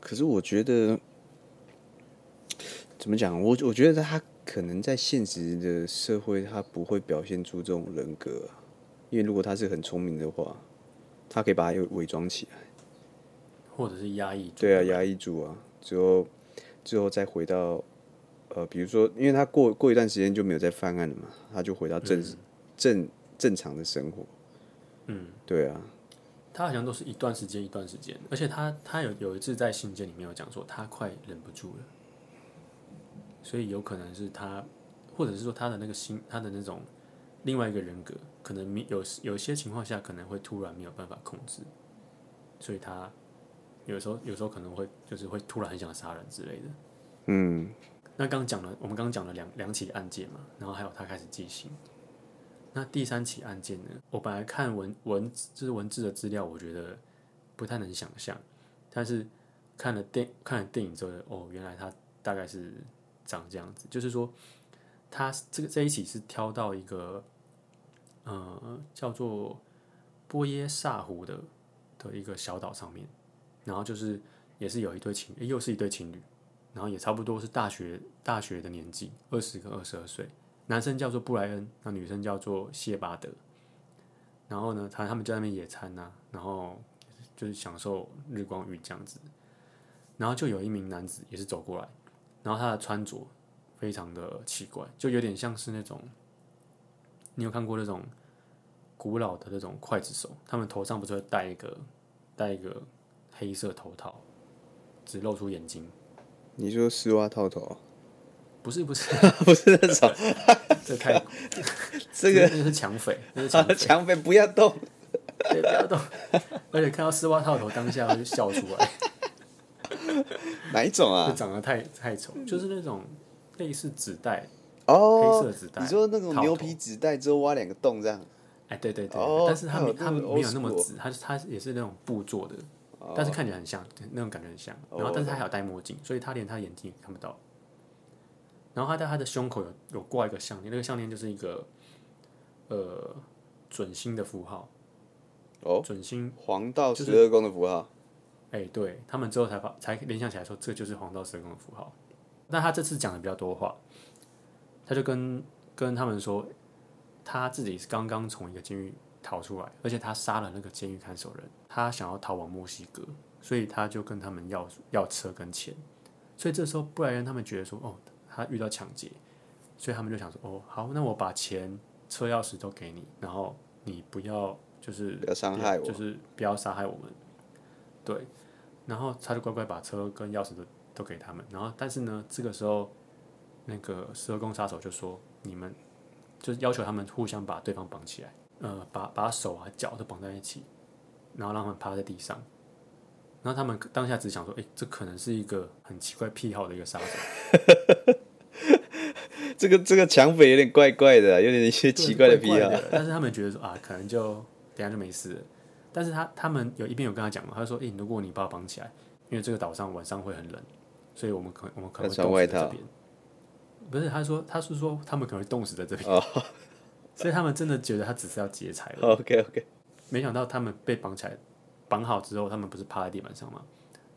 可是我覺得，怎麼講？我我覺得他可能在現實的社會，他不會表現出這種人格。因為如果他是很聰明的話，他可以把它又偽裝起來，或者是壓抑住。對啊，壓抑住啊，之後、之後再回到呃，比如說，因為他過過一段時間就沒有再犯案了嘛，他就回到正、嗯、正正常的生活。嗯，對啊，他好像都是一段時間一段時間，而且他他有他有一次在信件裡面有講說他快忍不住了，所以有可能是他，或者是說他的那個心，他的那種。另外一個人格，可能有有些情況下可能會突然沒有辦法控制，所以他有時候有時候可能會就是會突然很想殺人之類的。嗯，那剛講了，我們剛講了兩兩起案件嘛，然後還有他開始寄信。那第三起案件呢？我本來看文文就是文字的資料，我覺得不太能想象，但是看了電看了電影之後，哦，原來他大概是長這樣子，就是說。他這個這一起是挑到一個，呃，叫做波耶薩湖的的一個小島上面，然後就是也是有一對情、欸，又是一對情侶，然後也差不多是大學大學的年紀，二十跟二十二歲，男生叫做布萊恩，那女生叫做謝巴德，然後呢，他他們在那邊野餐吶、啊，然後就是享受日光浴這樣子，然後就有一名男子也是走過來，然後他的穿着。非常的奇怪，就有點像是那種，你有看過那種古老的那種劊子手，他們頭上不是會戴一個戴一個黑色頭套，只露出眼睛。你說絲襪套頭？不是不是 不是那種， 這太酷…… 這個 就是搶匪，搶匪， 搶匪不要動， 對，不要動。 而且看到絲襪套頭，當下就笑出來。 哪一種啊？長得太太醜，就是那種。這是紙袋哦，oh, 黑色紙袋。你說那種牛皮紙袋之後挖兩個洞這樣？哎，欸、對對對，oh, 但是他它沒,沒有那麼紫，他它也是那種布做的，oh. 但是看起來很像，那種感覺很像。然後，但是他還有戴墨鏡，所以他連他的眼睛也看不到。然後，他在他的胸口有有掛一個項鏈，那個項鏈就是一個呃準星的符號。哦，oh, 準星黃道十二宮的符號。哎、就是，欸、對他們之後才發才聯想起來說這就是黃道十二宮的符號。那他這次講的比較多話，他就跟跟他們說，他自己是剛剛從一個監獄逃出來，而且他殺了那個監獄看守人，他想要逃往墨西哥，所以他就跟他們要要車跟錢，所以這時候布萊恩他們覺得說，哦，他遇到搶劫，所以他們就想說，哦，好，那我把錢、車鑰匙都給你，然後你不要就是不要傷害我，就是不要殺害我們，對，然後他就乖乖把車跟鑰匙都。都給他們，然後但是呢，這個時候那個十二宮殺手就說：“你們就要求他們互相把對方綁起來，呃，把把手啊腳都綁在一起，然後讓他們趴在地上。然後他們當下只想說：，誒，這可能是一個很奇怪癖好的一個殺手。 這個這個搶匪有點怪怪的，啊，有點一些奇怪的癖好怪怪的。但是他們覺得說啊，可能就等下就沒事。但是他他們有一邊有跟他講嘛，他說：，誒，如果你把我綁起來，因為這個島上晚上會很冷。”所以我們可我們可能會凍死在這邊，不是他說他是說，說他們可能會凍死在這邊，oh. 所以他們真的覺得他只是要劫財了。Oh, OK OK，沒想到他們被綁起來，綁好之後他們不是趴在地板上嗎？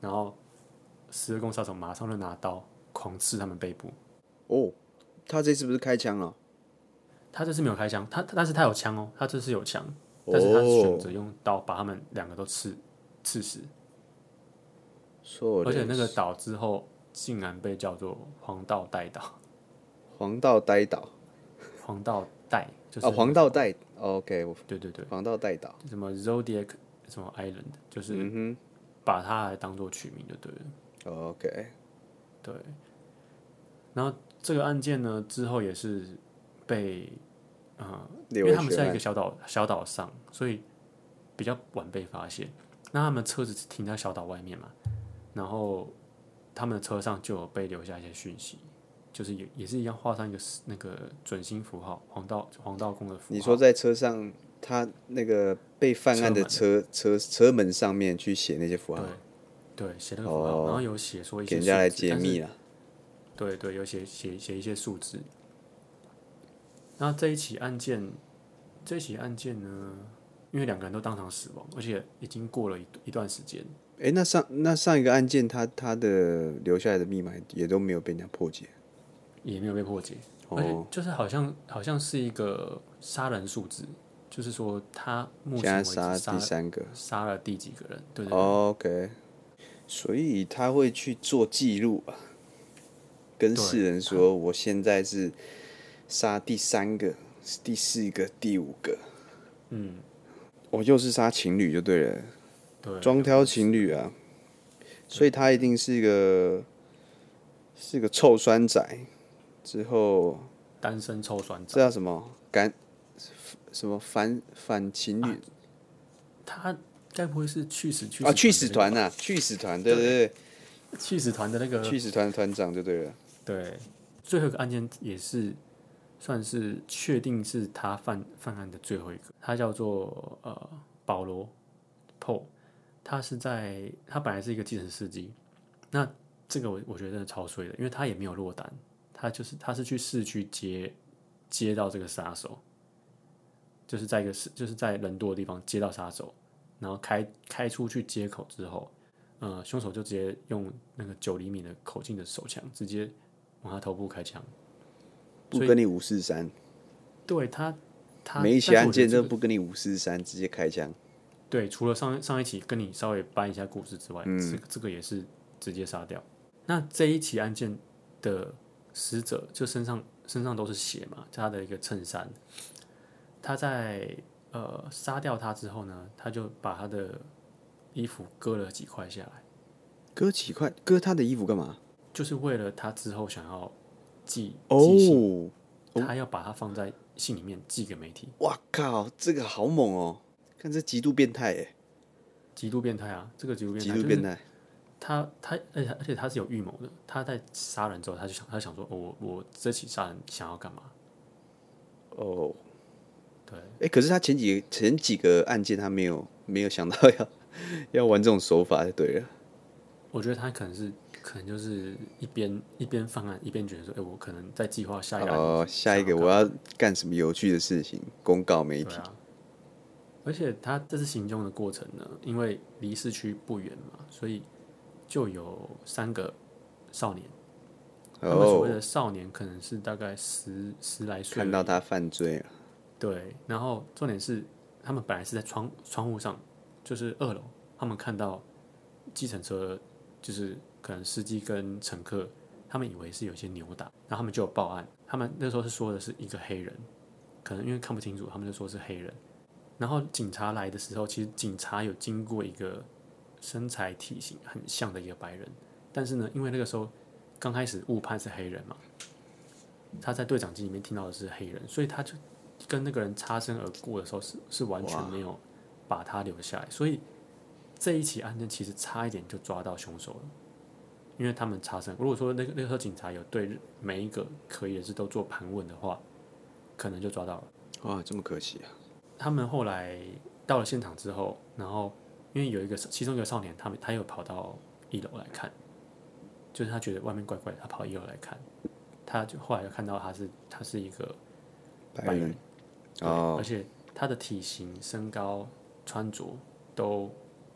然後十二宮殺手馬上就拿刀狂刺他們背部。哦，oh, 他這次不是開槍了？他這次沒有開槍，他但是他有槍哦，他這次有槍，oh. 但是他是選擇用刀把他們兩個都刺刺死。而且那個島之後竟然被叫做黃道帶島，黃道帶島，黃道帶就是黃道帶，OK，對對對，黃道帶島，什麼 Zodiac 什麼 Island，就是把它來當做取名的，對，OK，、嗯、哼對。然後這個案件呢之後也是被啊，呃、因為他們是在一個小島小島上，所以比較晚被發現。那他們車子停在小島外面嘛？然後他們的車上就有被留下一些訊息，就是也也是一樣畫上一個那個準星符號，黃道黃道宮的符號。你說在車上，他那個被犯案的車車門的車，車門上面去寫那些符號？對，寫那個符號，哦、然後有寫說一些數字，給人家來解密了。對對，有寫寫寫一些數字。那這一起案件，這一起案件呢，因為兩個人都當場死亡，而且已經過了一一段時間。哎，那上那上一個案件他，他他的留下來的密碼也都沒有被人家破解，也沒有被破解，哦，就是好像、哦、好像是一個殺人數字，就是說他目前殺，殺第三個，殺了第幾個人？對，對、哦、OK，所以他會去做記錄吧，跟世人說，我現在是殺第三個、第四個、第五個。嗯，我就是殺情侶就對了。對，裝挑情侶啊，對所以他一定是一個對是一個臭酸仔。之後單身臭酸仔，這叫什麼？幹，什麼反反情侶、啊？他該不會是去死去死啊？去死團啊，去死團對不對，對？去死團的那個去死團的團長就對了。對，最後一個案件也是算是確定是他犯犯案的最後一個。他叫做呃保羅 Paul。他是在他本來是一個計程司機，那這個我我覺得真的超衰的，因為他也沒有落單，他就是他是去市區接接到這個殺手，就是在一個是就是在人多的地方接到殺手，然後開開出去接口之後，呃，凶手就直接用那個九釐米的口徑的手槍直接往他頭部開槍，不跟你五四三，對他他每一起案件都不跟你五四三直接開槍。對，除了上上一期跟你稍微搬一下故事之外，嗯、這個這個也是直接殺掉。那這一起案件的死者就身上身上都是血嘛，他的一個襯衫，他在呃殺掉他之後呢，他就把他的衣服割了幾塊下來，割幾塊割他的衣服幹嘛？就是為了他之後想要寄哦，哦，他要把它放在信裡面寄給媒體。哇靠，這個好猛哦！但這極度變態哎、欸，極度變態啊！這個極度變態，極度變態。他他，而且而且他是有預謀的。他在殺人之後，他就想，他就想說，哦、我我這起殺人想要幹嘛？哦，對，哎、欸，可是他前幾前幾個案件，他沒有沒有想到要要玩這種手法，就對了。我覺得他可能是，可能就是一邊一邊犯案，一邊覺得說，哎、欸，我可能在計劃下一個，下一個我要幹什麼有趣的事情，公告媒體。而且他這次行凶的過程呢，因為離市區不遠嘛，所以就有三個少年。Oh, 他們所謂的少年可能是大概十十來歲。看到他犯罪了。對，然後重點是他們本來是在窗窗戶上，就是二樓，他們看到計程車，就是可能司機跟乘客，他們以為是有些扭打，然後他們就有報案。他們那時候是說的是一個黑人，可能因為看不清楚，他們就說是黑人。然後警察來的時候，其實警察有經過一個身材體型很像的一個白人，但是呢，因為那個時候剛開始誤判是黑人嘛，他在對講機裡面聽到的是黑人，所以他就跟那個人擦身而過的時候是，是是完全沒有把他留下來。哇所以這一起案件其實差一點就抓到凶手了，因為他們擦身。如果說那個那個，時候警察有對每一個可疑的人士都做盤問的話，可能就抓到了。哇，這麼可惜啊！他們後來到了現場之後，然後因為有一個其中一個少年，他他又跑到一樓來看，就是他覺得外面怪怪的，他跑一樓來看，他就後來又看到他是他是一個白人，白人，對，哦，而且他的體型、身高、穿着都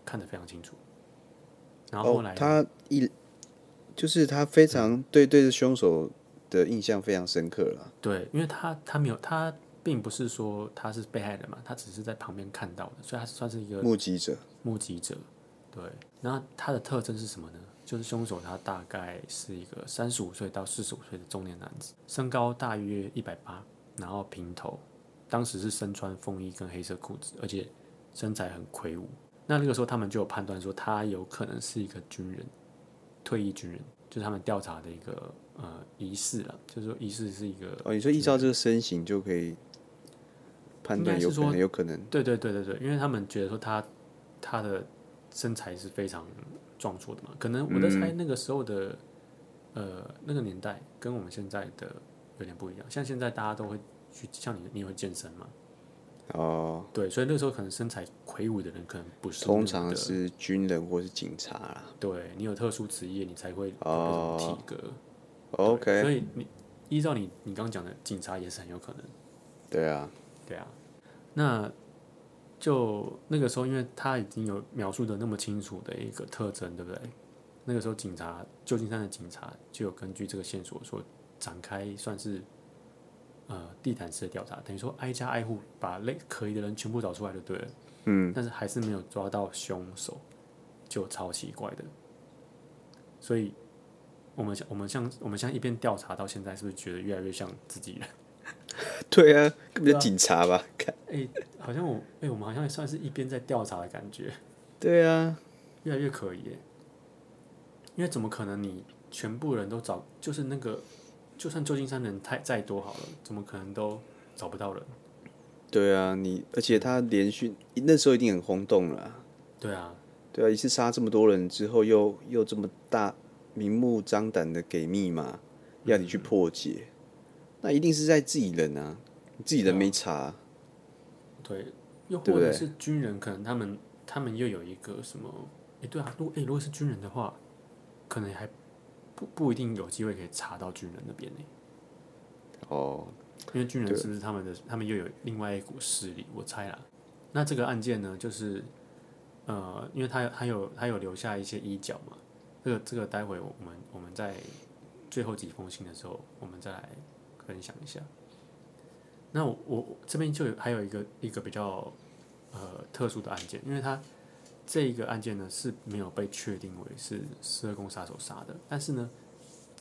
看得非常清楚。然後後來，哦，他一就是他非常對對着兇手的印象非常深刻了，對，因為他他沒有他。並不是說他是被害人嘛，他只是在旁邊看到的，所以他算是一個目擊者。目擊者，對。那他的特徵是什麼呢？就是兇手他大概是一個三十五歲到四十五歲的中年男子，身高大約一百八，然後平頭，當時是身穿風衣跟黑色褲子，而且身材很魁梧。那那個時候他們就有判斷說他有可能是一個軍人，退役軍人，就是他們調查的一個呃疑似的，就是說疑似是一個哦，你說依照這個身形就可以。應該是說很有可能，對對對對對，對，因為他們覺得說他他的身材是非常壯碩的嘛，可能我在猜那個時候的呃那個年代跟我們現在的有點不一樣，像現在大家都會去像你，你也會健身嘛，哦，對，所以那時候可能身材魁梧的人可能不是，通常是軍人或是警察啦，對，你有特殊職業你才會體格，OK，所以你依照你你剛講的警察也是很有可能，對啊，對啊。那就那個時候，因為他已經有描述的那麼清楚的一個特徵，對不對？那個時候，警察舊金山的警察就有根據這個線索，說展開算是、呃、地毯式的調查，等於說挨家挨戶把類可疑的人全部找出來，就對了。嗯，但是還是沒有抓到兇手，就超奇怪的。所以我，我們像我們像我們像一邊調查到現在，是不是覺得越來越像自己人？ 對啊，根本就警察吧？哎、啊看欸，好像我哎、欸，我們好像算是一邊在調查的感覺。對啊，越來越可疑。因為怎麼可能你全部人都找，就是那個，就算舊金山人太再多好了，怎麼可能都找不到人？對啊，你而且他連續、嗯、那時候一定很轟動了。對啊，對啊，一次殺這麼多人之後，又又這麼大明目張膽的給密碼要你去破解。嗯那一定是在自己人啊，自己人沒查啊，哦。對，又或者是軍人，對對可能他們他們又有一個什麼？誒，對啊，如果誒如果是軍人的話，可能還不不一定有機會可以查到軍人那邊呢。哦，因為軍人是不是他們的，對他們又有另外一股勢力？我猜啦。那這個案件呢，就是呃，因為他，他有有還有留下一些衣角嘛，這個這個待會我們我們在最後幾封信的時候，我們再來。分享一下，那我我這邊就還有一個一個比較呃特殊的案件，因為他這個案件呢是沒有被確定為是十二宮殺手殺的，但是呢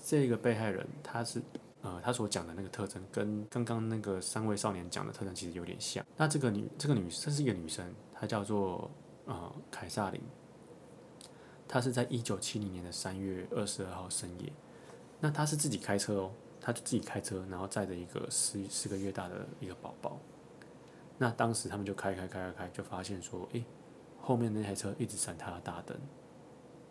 這個被害人他是呃他所講的那個特徵跟剛剛那個三位少年講的特徵其實有點像。那這個女這個女這是一個女生，她叫做呃凱薩琳，她是在一九七零年的三月二十二號深夜，那她是自己開車哦。他就自己開車，然後載着一個十十個月大的一個寶寶。那當時他們就開開開開開，就發現說，哎，後面那台車一直閃他的大燈。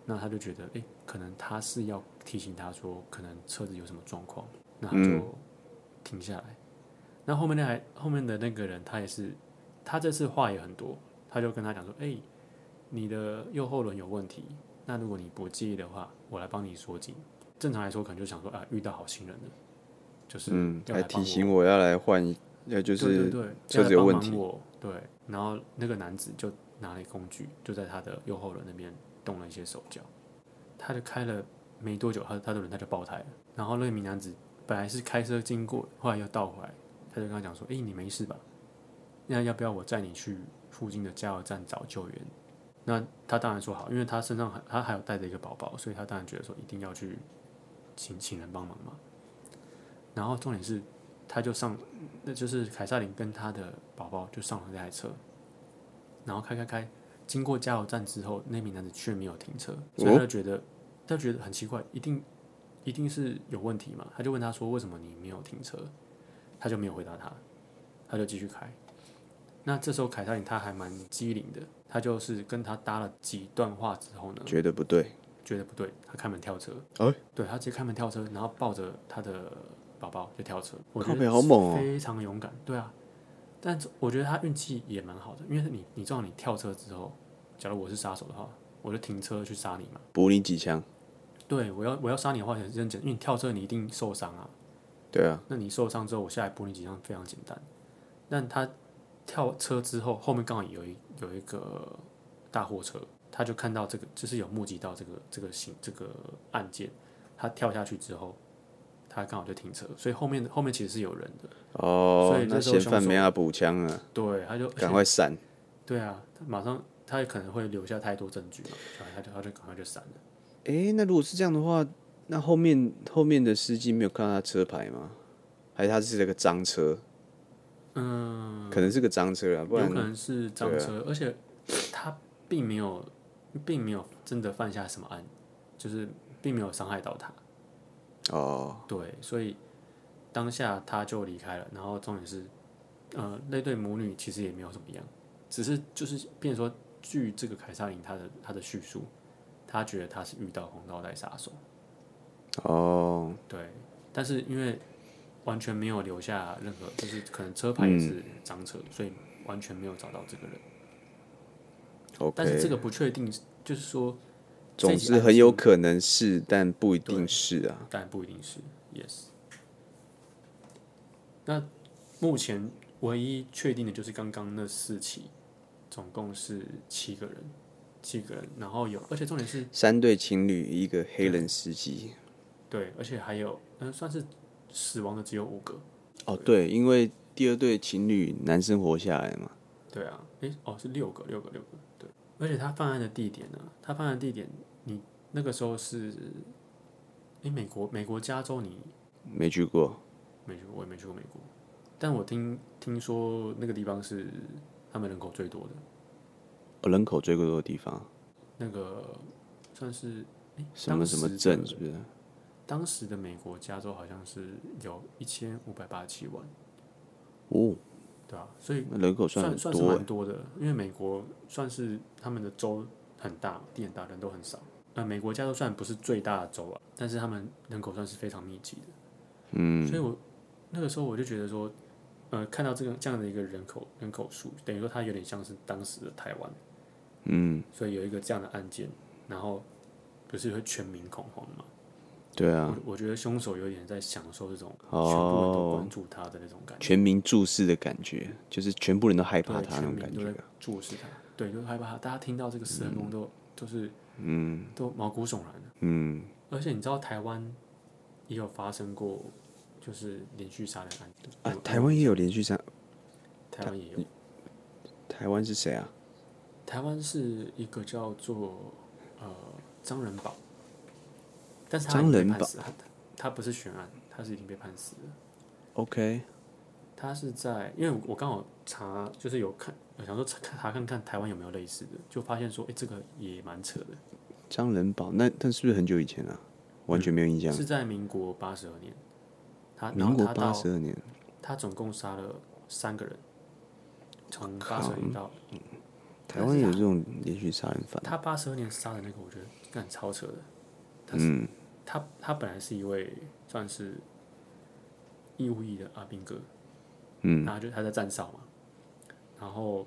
那他就覺得，哎，可能他是要提醒他說，可能車子有什麼狀況，那他就停下來。嗯。那後面那台後面的那個人，他也是，他這次話也很多，他就跟他講說，哎，你的右後輪有問題，那如果你不介意的話，我來幫你鎖緊。正常來說，可能就想說，啊，遇到好心人了。就是來、嗯、提醒我要來換，就是車子有問題對對對。對，然後那個男子就拿了一工具，就在他的右後輪那邊動了一些手腳。他就開了沒多久他，他的他的輪胎就爆胎了。然後那名男子本來是開車經過，後來又倒回來，他就跟他講說：“哎、欸，你沒事吧？那要不要我載你去附近的加油站找救援？”那他當然說好，因為他身上還他還有帶着一個寶寶，所以他當然覺得說一定要去請請人幫忙嘛。然後重點是，他就上，那就是凱撒林跟他的寶寶就上了這台車，然後開開開，經過加油站之後，那名男子卻沒有停車，所以他就覺得、哦、他就覺得很奇怪，一定一定是有問題嘛？他就問他說：“為什麼你沒有停車？”他就沒有回答他，他就繼續開。那這時候凱撒林他還蠻機靈的，他就是跟他搭了幾段話之後呢，覺得不對，覺得不對，他開門跳車，哦、對他直接開門跳車，然後抱着他的寶寶就跳車，我靠北好猛哦、喔，非常勇敢。對啊，但我覺得他運氣也蠻好的，因為你你知道你跳車之後，假如我是殺手的話，我就停車去殺你嘛，補你幾槍。對，我要我要殺你的話也很很簡單，因為你跳車你一定受傷啊。對啊，那你受傷之後，我下來補你幾槍非常簡單。但他跳車之後，後面剛好有一有一個大貨車，他就看到這個，就是有目擊到這個這個行這個案件，他跳下去之後。他剛好就停車，所以後面後面其實是有人的哦。所以那時候兇手沒要補槍啊。對，他就趕快閃。對啊，他馬上他也可能會留下太多證據嘛，所以他就他就趕快就閃了。哎、欸，那如果是這樣的話，那後面後面的司機沒有看到他車牌嗎？還是他是那個贓車？嗯，可能是個贓車啊，不然有可能是贓車，啊、而且他並沒有並沒有真的犯下什麼案，就是並沒有傷害到他。哦，oh. 對，所以當下他就離開了。然後重點是，呃，那對母女其實也沒有怎麼樣，只是就是，變成說，據這個凱撒琳他的他的敘述，他覺得他是遇到黃道帶殺手。哦，oh. 對，但是因為完全沒有留下任何，就是可能車牌也是贓車，嗯、所以完全沒有找到這個人。OK，但是這個不確定，就是說。總之很有可能是，但不一定是啊。但不一定是，yes。那目前唯一確定的就是剛剛那四起，總共是七個人，七個人，然後有，而且重點是三對情侶，一個黑人司機。對，而且還有，嗯、呃，算是死亡的只有五個。哦，對，因為第二對情侶男生活下來嘛。對啊，哎、欸，哦，是六個，六個，六個，對。而且他犯案的地點呢、啊？他犯案的地點，你那個時候是，誒、欸，美國，美國加州你，你沒去過，沒去，我也沒去過美國，但我聽聽說那個地方是他們人口最多的。哦、人口最多的地方，那個算是誒，欸、什麼什麼鎮是不是？當時的美國加州好像是有一千五百八十七萬，哦。對啊，所以人口算很、欸、算，算是蠻多的，因為美國算是他們的州很大，地很大，人都很少。啊、呃，美國加州算不是最大的州啊，但是他們人口算是非常密集的。嗯，所以我那個時候我就覺得說，呃，看到這個這樣的一個人口人口數，等於說它有點像是當時的台灣。嗯，所以有一個這樣的案件，然後不是會全民恐慌嗎？對啊我，我覺得兇手有點在享受這種全部人都關注他的那種感覺，哦、全民注視的感覺，就是全部人都害怕他那種感覺，都在注視他，對，就害怕他，大家、嗯、聽到這個聲音都都，就是，嗯，都毛骨悚然的，嗯，而且你知道台灣也有發生過就是連續殺人案件啊，台灣也有連續殺，台灣也有，台灣是誰啊？台灣是一個叫做呃張仁寶。張仁寶，他不是懸案，他是已經被判死了。OK，他是在，因為我剛好查，就是有看，有想說查查看看台灣有沒有類似的，就發現說，誒，這個也蠻扯的。張仁寶，那那是不是很久以前啊？完全沒有印象。嗯，是在民國八十二年，他民國八十二年他，他總共殺了三個人，從八十二到，嗯，台灣有這種連續殺人犯他。他八十二年殺的那個，我覺得那超扯的，嗯。他他本來是一位算是義務役的阿兵哥，嗯，然後就他在站哨嘛，然後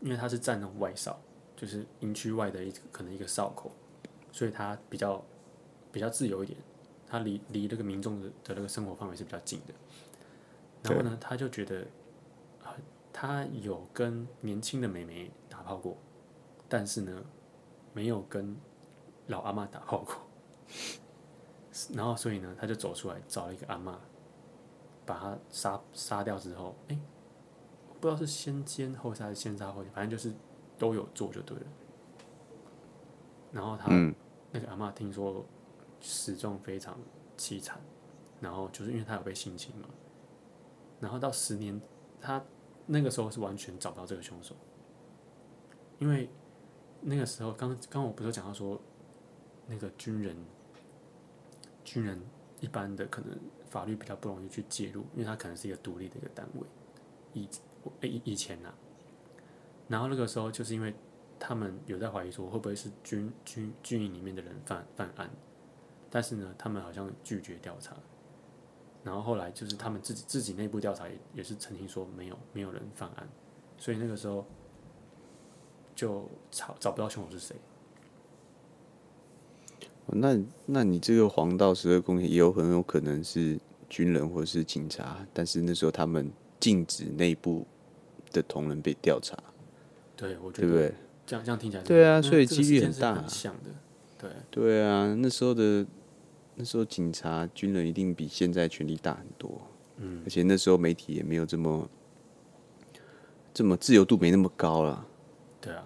因為他是站那種外哨，就是營區外的一可能一個哨口，所以他比較比較自由一點，他離離那個民眾的的那、這個生活範圍是比較近的，然後呢，對他就覺得他有跟年輕的美眉打炮過，但是呢，沒有跟老阿嬤打炮過。然後，所以呢，他就走出來找了一個阿嬤，把他殺殺掉之後，誒，不知道是先奸後殺還是先殺後姦，反正就是都有做就對了。然後他、嗯、那個阿嬤聽說死狀非常淒慘，然後就是因為他有被性侵嘛，然後到十年，他那個時候是完全找不到這個兇手，因為那個時候剛剛，剛我不是講到說那個軍人。軍人一般的可能法律比較不容易去介入，因為他可能是一個獨立的一個單位。以，以以前啊，然後那個時候就是因為他們有在懷疑說會不會是軍軍軍營裡面的人犯犯案，但是呢，他們好像拒絕調查。然後後來就是他們自己自己內部調查也也是曾經說沒有沒有人犯案，所以那個時候就找找不到兇手是誰。那那你這個黃道十二宮也有很有可能是軍人或者是警察，但是那時候他們禁止內部的同仁被調查，對，我覺得對不對？這樣這樣聽起來對啊，那所以幾率很大，啊，很像的，對啊。那時候的那時候警察軍人一定比現在權力大很多，嗯，而且那時候媒體也沒有這麼這麼自由度沒那麼高了，對啊。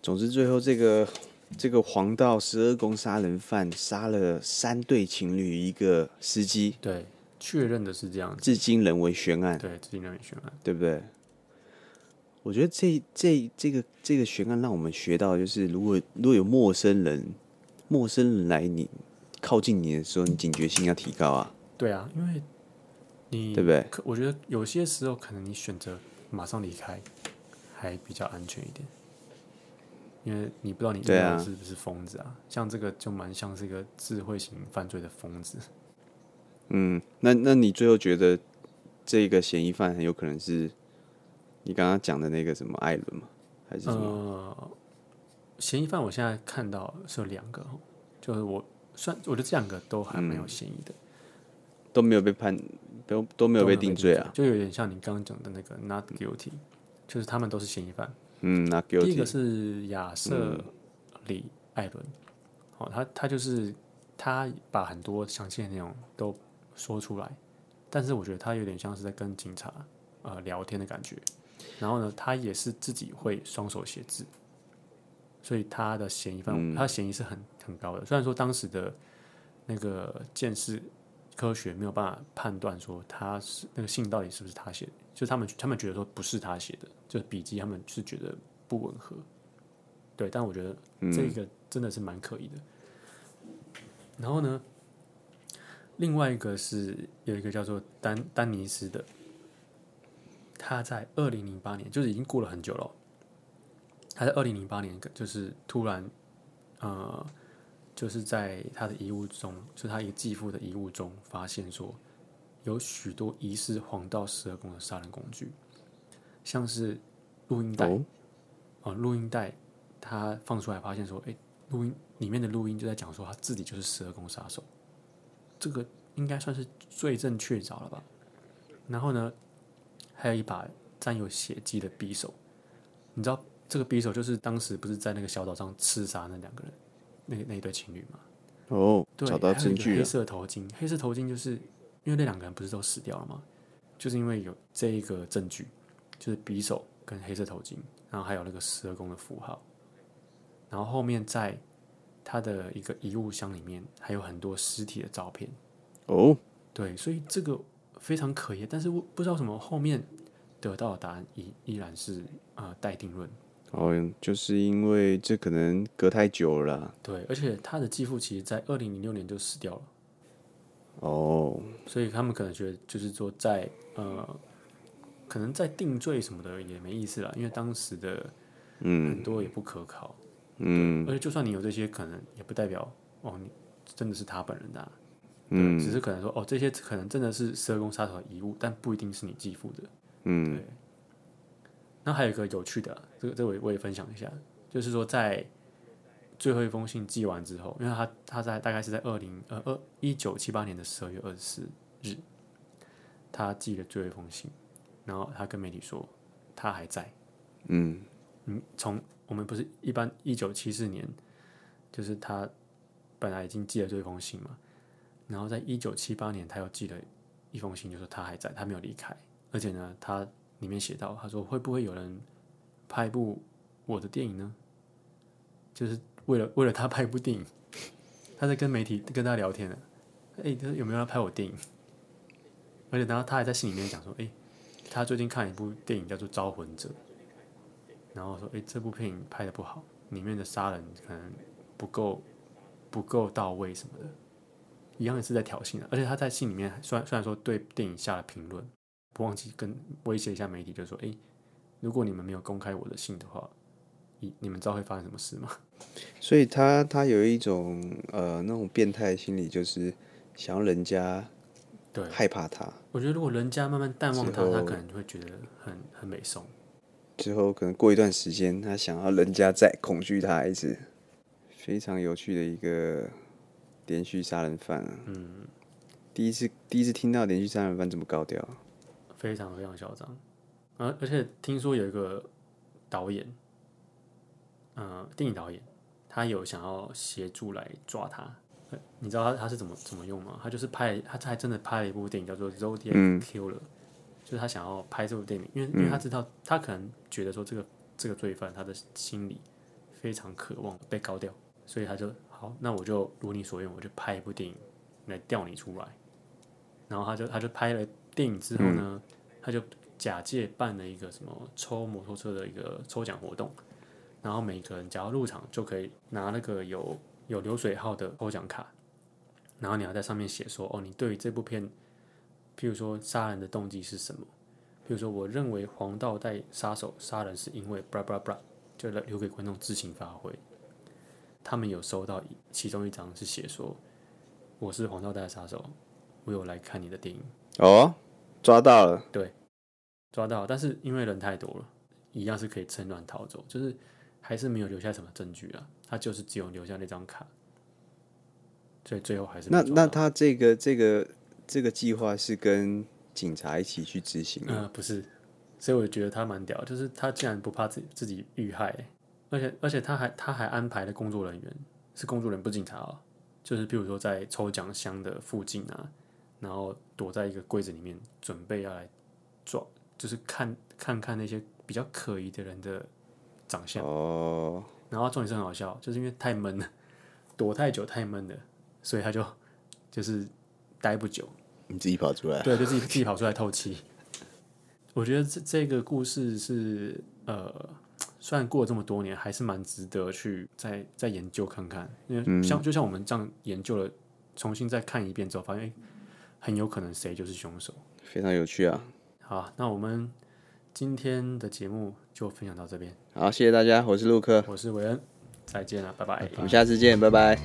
總之最後這個。這個黃道十二宮殺人犯殺了三對情侶，一個司機。對，確認的是這樣。至今仍為懸案。對，至今仍為懸案，對不對？我覺得這這這個這個懸案讓我們學到，就是如果如果有陌生人陌生人來你靠近你的時候，你警覺性要提高啊。對啊，因為你對不對？我覺得有些時候可能你選擇馬上離開還比較安全一點。因為你不知道你對象是不是瘋子啊，啊像這個就蠻像是一個智慧型犯罪的瘋子。嗯，那那你最後覺得這個嫌疑犯很有可能是你剛剛講的那個什麼艾倫嗎？還是什麼、呃？嫌疑犯我現在看到是有兩個，就是我算我覺得這兩個都還蠻有嫌疑的，嗯，都沒有被判，都都沒有被定罪啊，就有點像你剛剛講的那個 not guilty，嗯、就是他們都是嫌疑犯。嗯，那第一個是亞瑟李艾倫，哦、嗯喔，他他就是他把很多詳細的內容都說出來，但是我覺得他有點像是在跟警察，呃聊天，的感覺，然後呢，他也是自己會雙手寫字，所以他的嫌疑犯，嗯、他的嫌疑是很很高的。雖然說當時的那個鑑識科學沒有辦法判斷說他是那個信到底是不是他寫的。就他們，他們覺得說不是他寫的，就是筆跡，他們是覺得不吻合。對，但我覺得這個真的是蠻可疑的。嗯、然後呢，另外一個是有一個叫做丹丹尼斯的，他在二零零八年，就是已經過了很久了、哦。他在二零零八年，就是突然，呃，就是在他的遺物中，就是、他一個繼父的遺物中，發現說。有許多疑似黃道十二宮的殺人工具，像是錄音帶，啊、哦，錄、哦、音帶，他放出來發現說，誒、欸，錄音裡面的錄音就在講說他自己就是十二宮殺手，這個應該算是罪證確鑿了吧？然後呢，還有一把沾有血跡的匕首，你知道這個匕首就是當時不是在那個小島上刺殺那兩個人，那那一對情侶嗎？哦，對，找到、啊、還有一個黑色頭巾，黑色頭巾就是。因為那兩個人不是都死掉了嗎？就是因為有這一個證據，就是匕首跟黑色頭巾，然後還有那個十二宮的符號，然後後面在他的一個遺物箱裡面還有很多屍體的照片。哦，對，所以這個非常可疑，但是不知道什麼後面得到的答案依依然是啊待、呃、定論。哦，就是因為這可能隔太久了。對，而且他的繼父其實，在二零零六年就死掉了。哦，oh. 所以他們可能覺得，就是說在，在呃，可能在定罪什麼的也沒意思了，因為當時的很多也不可考，嗯，而且就算你有這些，可能也不代表哦，你真的是他本人的，啊，嗯，只是可能說哦，這些可能真的是十二宮殺手的遺物，但不一定是你繼父的，嗯，對。那還有一個有趣的，啊，這個這個我也，我也分享一下，就是說在。最後一封信寄完之後，因為他他在大概是在二零呃二一九七八年的十二月二十四日，是他寄了最後一封信，然後他跟媒體說他還在，嗯嗯，從、嗯、我們不是一般一九七四年，就是他本來已經寄了最後一封信嘛，然後在一九七八年他又寄了一封信，就說、是、他還在，他沒有離開，而且呢他裡面寫到他說會不會有人拍一部我的電影呢？就是。為了為了他拍一部電影，他在跟媒體跟他聊天呢、啊。哎，他有沒有要拍我電影？而且，然後他還在信裡面講說，哎，他最近看了一部電影叫做《招魂者》，然後說，哎，這部電影拍的不好，裡面的殺人可能不夠不夠到位什麼的，一樣也是在挑釁、啊。而且他在信裡面，雖然雖然說對電影下了評論，不忘記跟威脅一下媒體，就說，哎，如果你們沒有公開我的信的話，你你們知道會發生什麼事嗎？所以他他有一種呃，那種變態心理，就是想要人家對害怕他。我覺得如果人家慢慢淡忘他，後他可能就會覺得很很美頌。之後可能過一段時間，他想要人家再恐懼他一次。非常有趣的一個連續殺人犯啊！嗯，第一次第一次聽到連續殺人犯這麼高調、啊，非常非常囂張。而而且聽說有一個導演，嗯、呃，電影導演。他有想要協助來抓他，你知道他他是怎麼怎麼用嗎？他就是拍，他他還真的拍了一部電影叫做《Zodiac Killer》了，嗯、就是他想要拍這部電影，因為因為他知道、嗯、他可能覺得說這個這個罪犯他的心理非常渴望被高調，所以他就好，那我就如你所願，我就拍一部電影來釣你出來。然後他就他就拍了電影之後呢，嗯、他就假借辦了一個什麼抽摩托車的一個抽獎活動。然後每個人只要入場就可以拿那個有有流水號的抽獎卡，然後你要在上面寫說：“哦，你對於這部片，譬如說殺人的動機是什麼？譬如說，我認為黃道帶殺手殺人是因為……”布拉布拉布拉，就留給觀眾自行發揮。他們有收到其中一張是寫說：“我是黃道帶殺手，我有來看你的電影。”哦，抓到了，對，抓到了，但是因為人太多了，一樣是可以趁亂逃走，就是。還是沒有留下什麼證據啊，他就是只有留下那張卡，所以最後還是沒抓到，那那他這個這個這個計劃是跟警察一起去執行啊、呃，不是。所以我覺得他蠻屌。就是他竟然不怕自己自己遇害，而且而且他還他還安排了工作人員，是工作人員不是警察啊、哦，就是比如說在抽獎箱的附近啊，然後躲在一個櫃子裡面，準備要來抓，就是看看看那些比較可疑的人的長相哦，oh. 然後重點是很好笑，就是因為太悶了，躲太久太悶了，所以他就就是待不久，你自己跑出來，對，就自己自己跑出來透氣。 我覺得這這個故事是呃，雖然過了這麼多年，還是蠻值得去再再研究看看。因為像、嗯、就像我們這樣研究了，重新再看一遍之後，發現哎，很有可能誰就是凶手，非常有趣啊。好，那我們今天的節目就分享到這邊。好，謝謝大家，我是陸克，我是韋恩，再見啊，拜拜，拜拜，我們下次見，拜拜。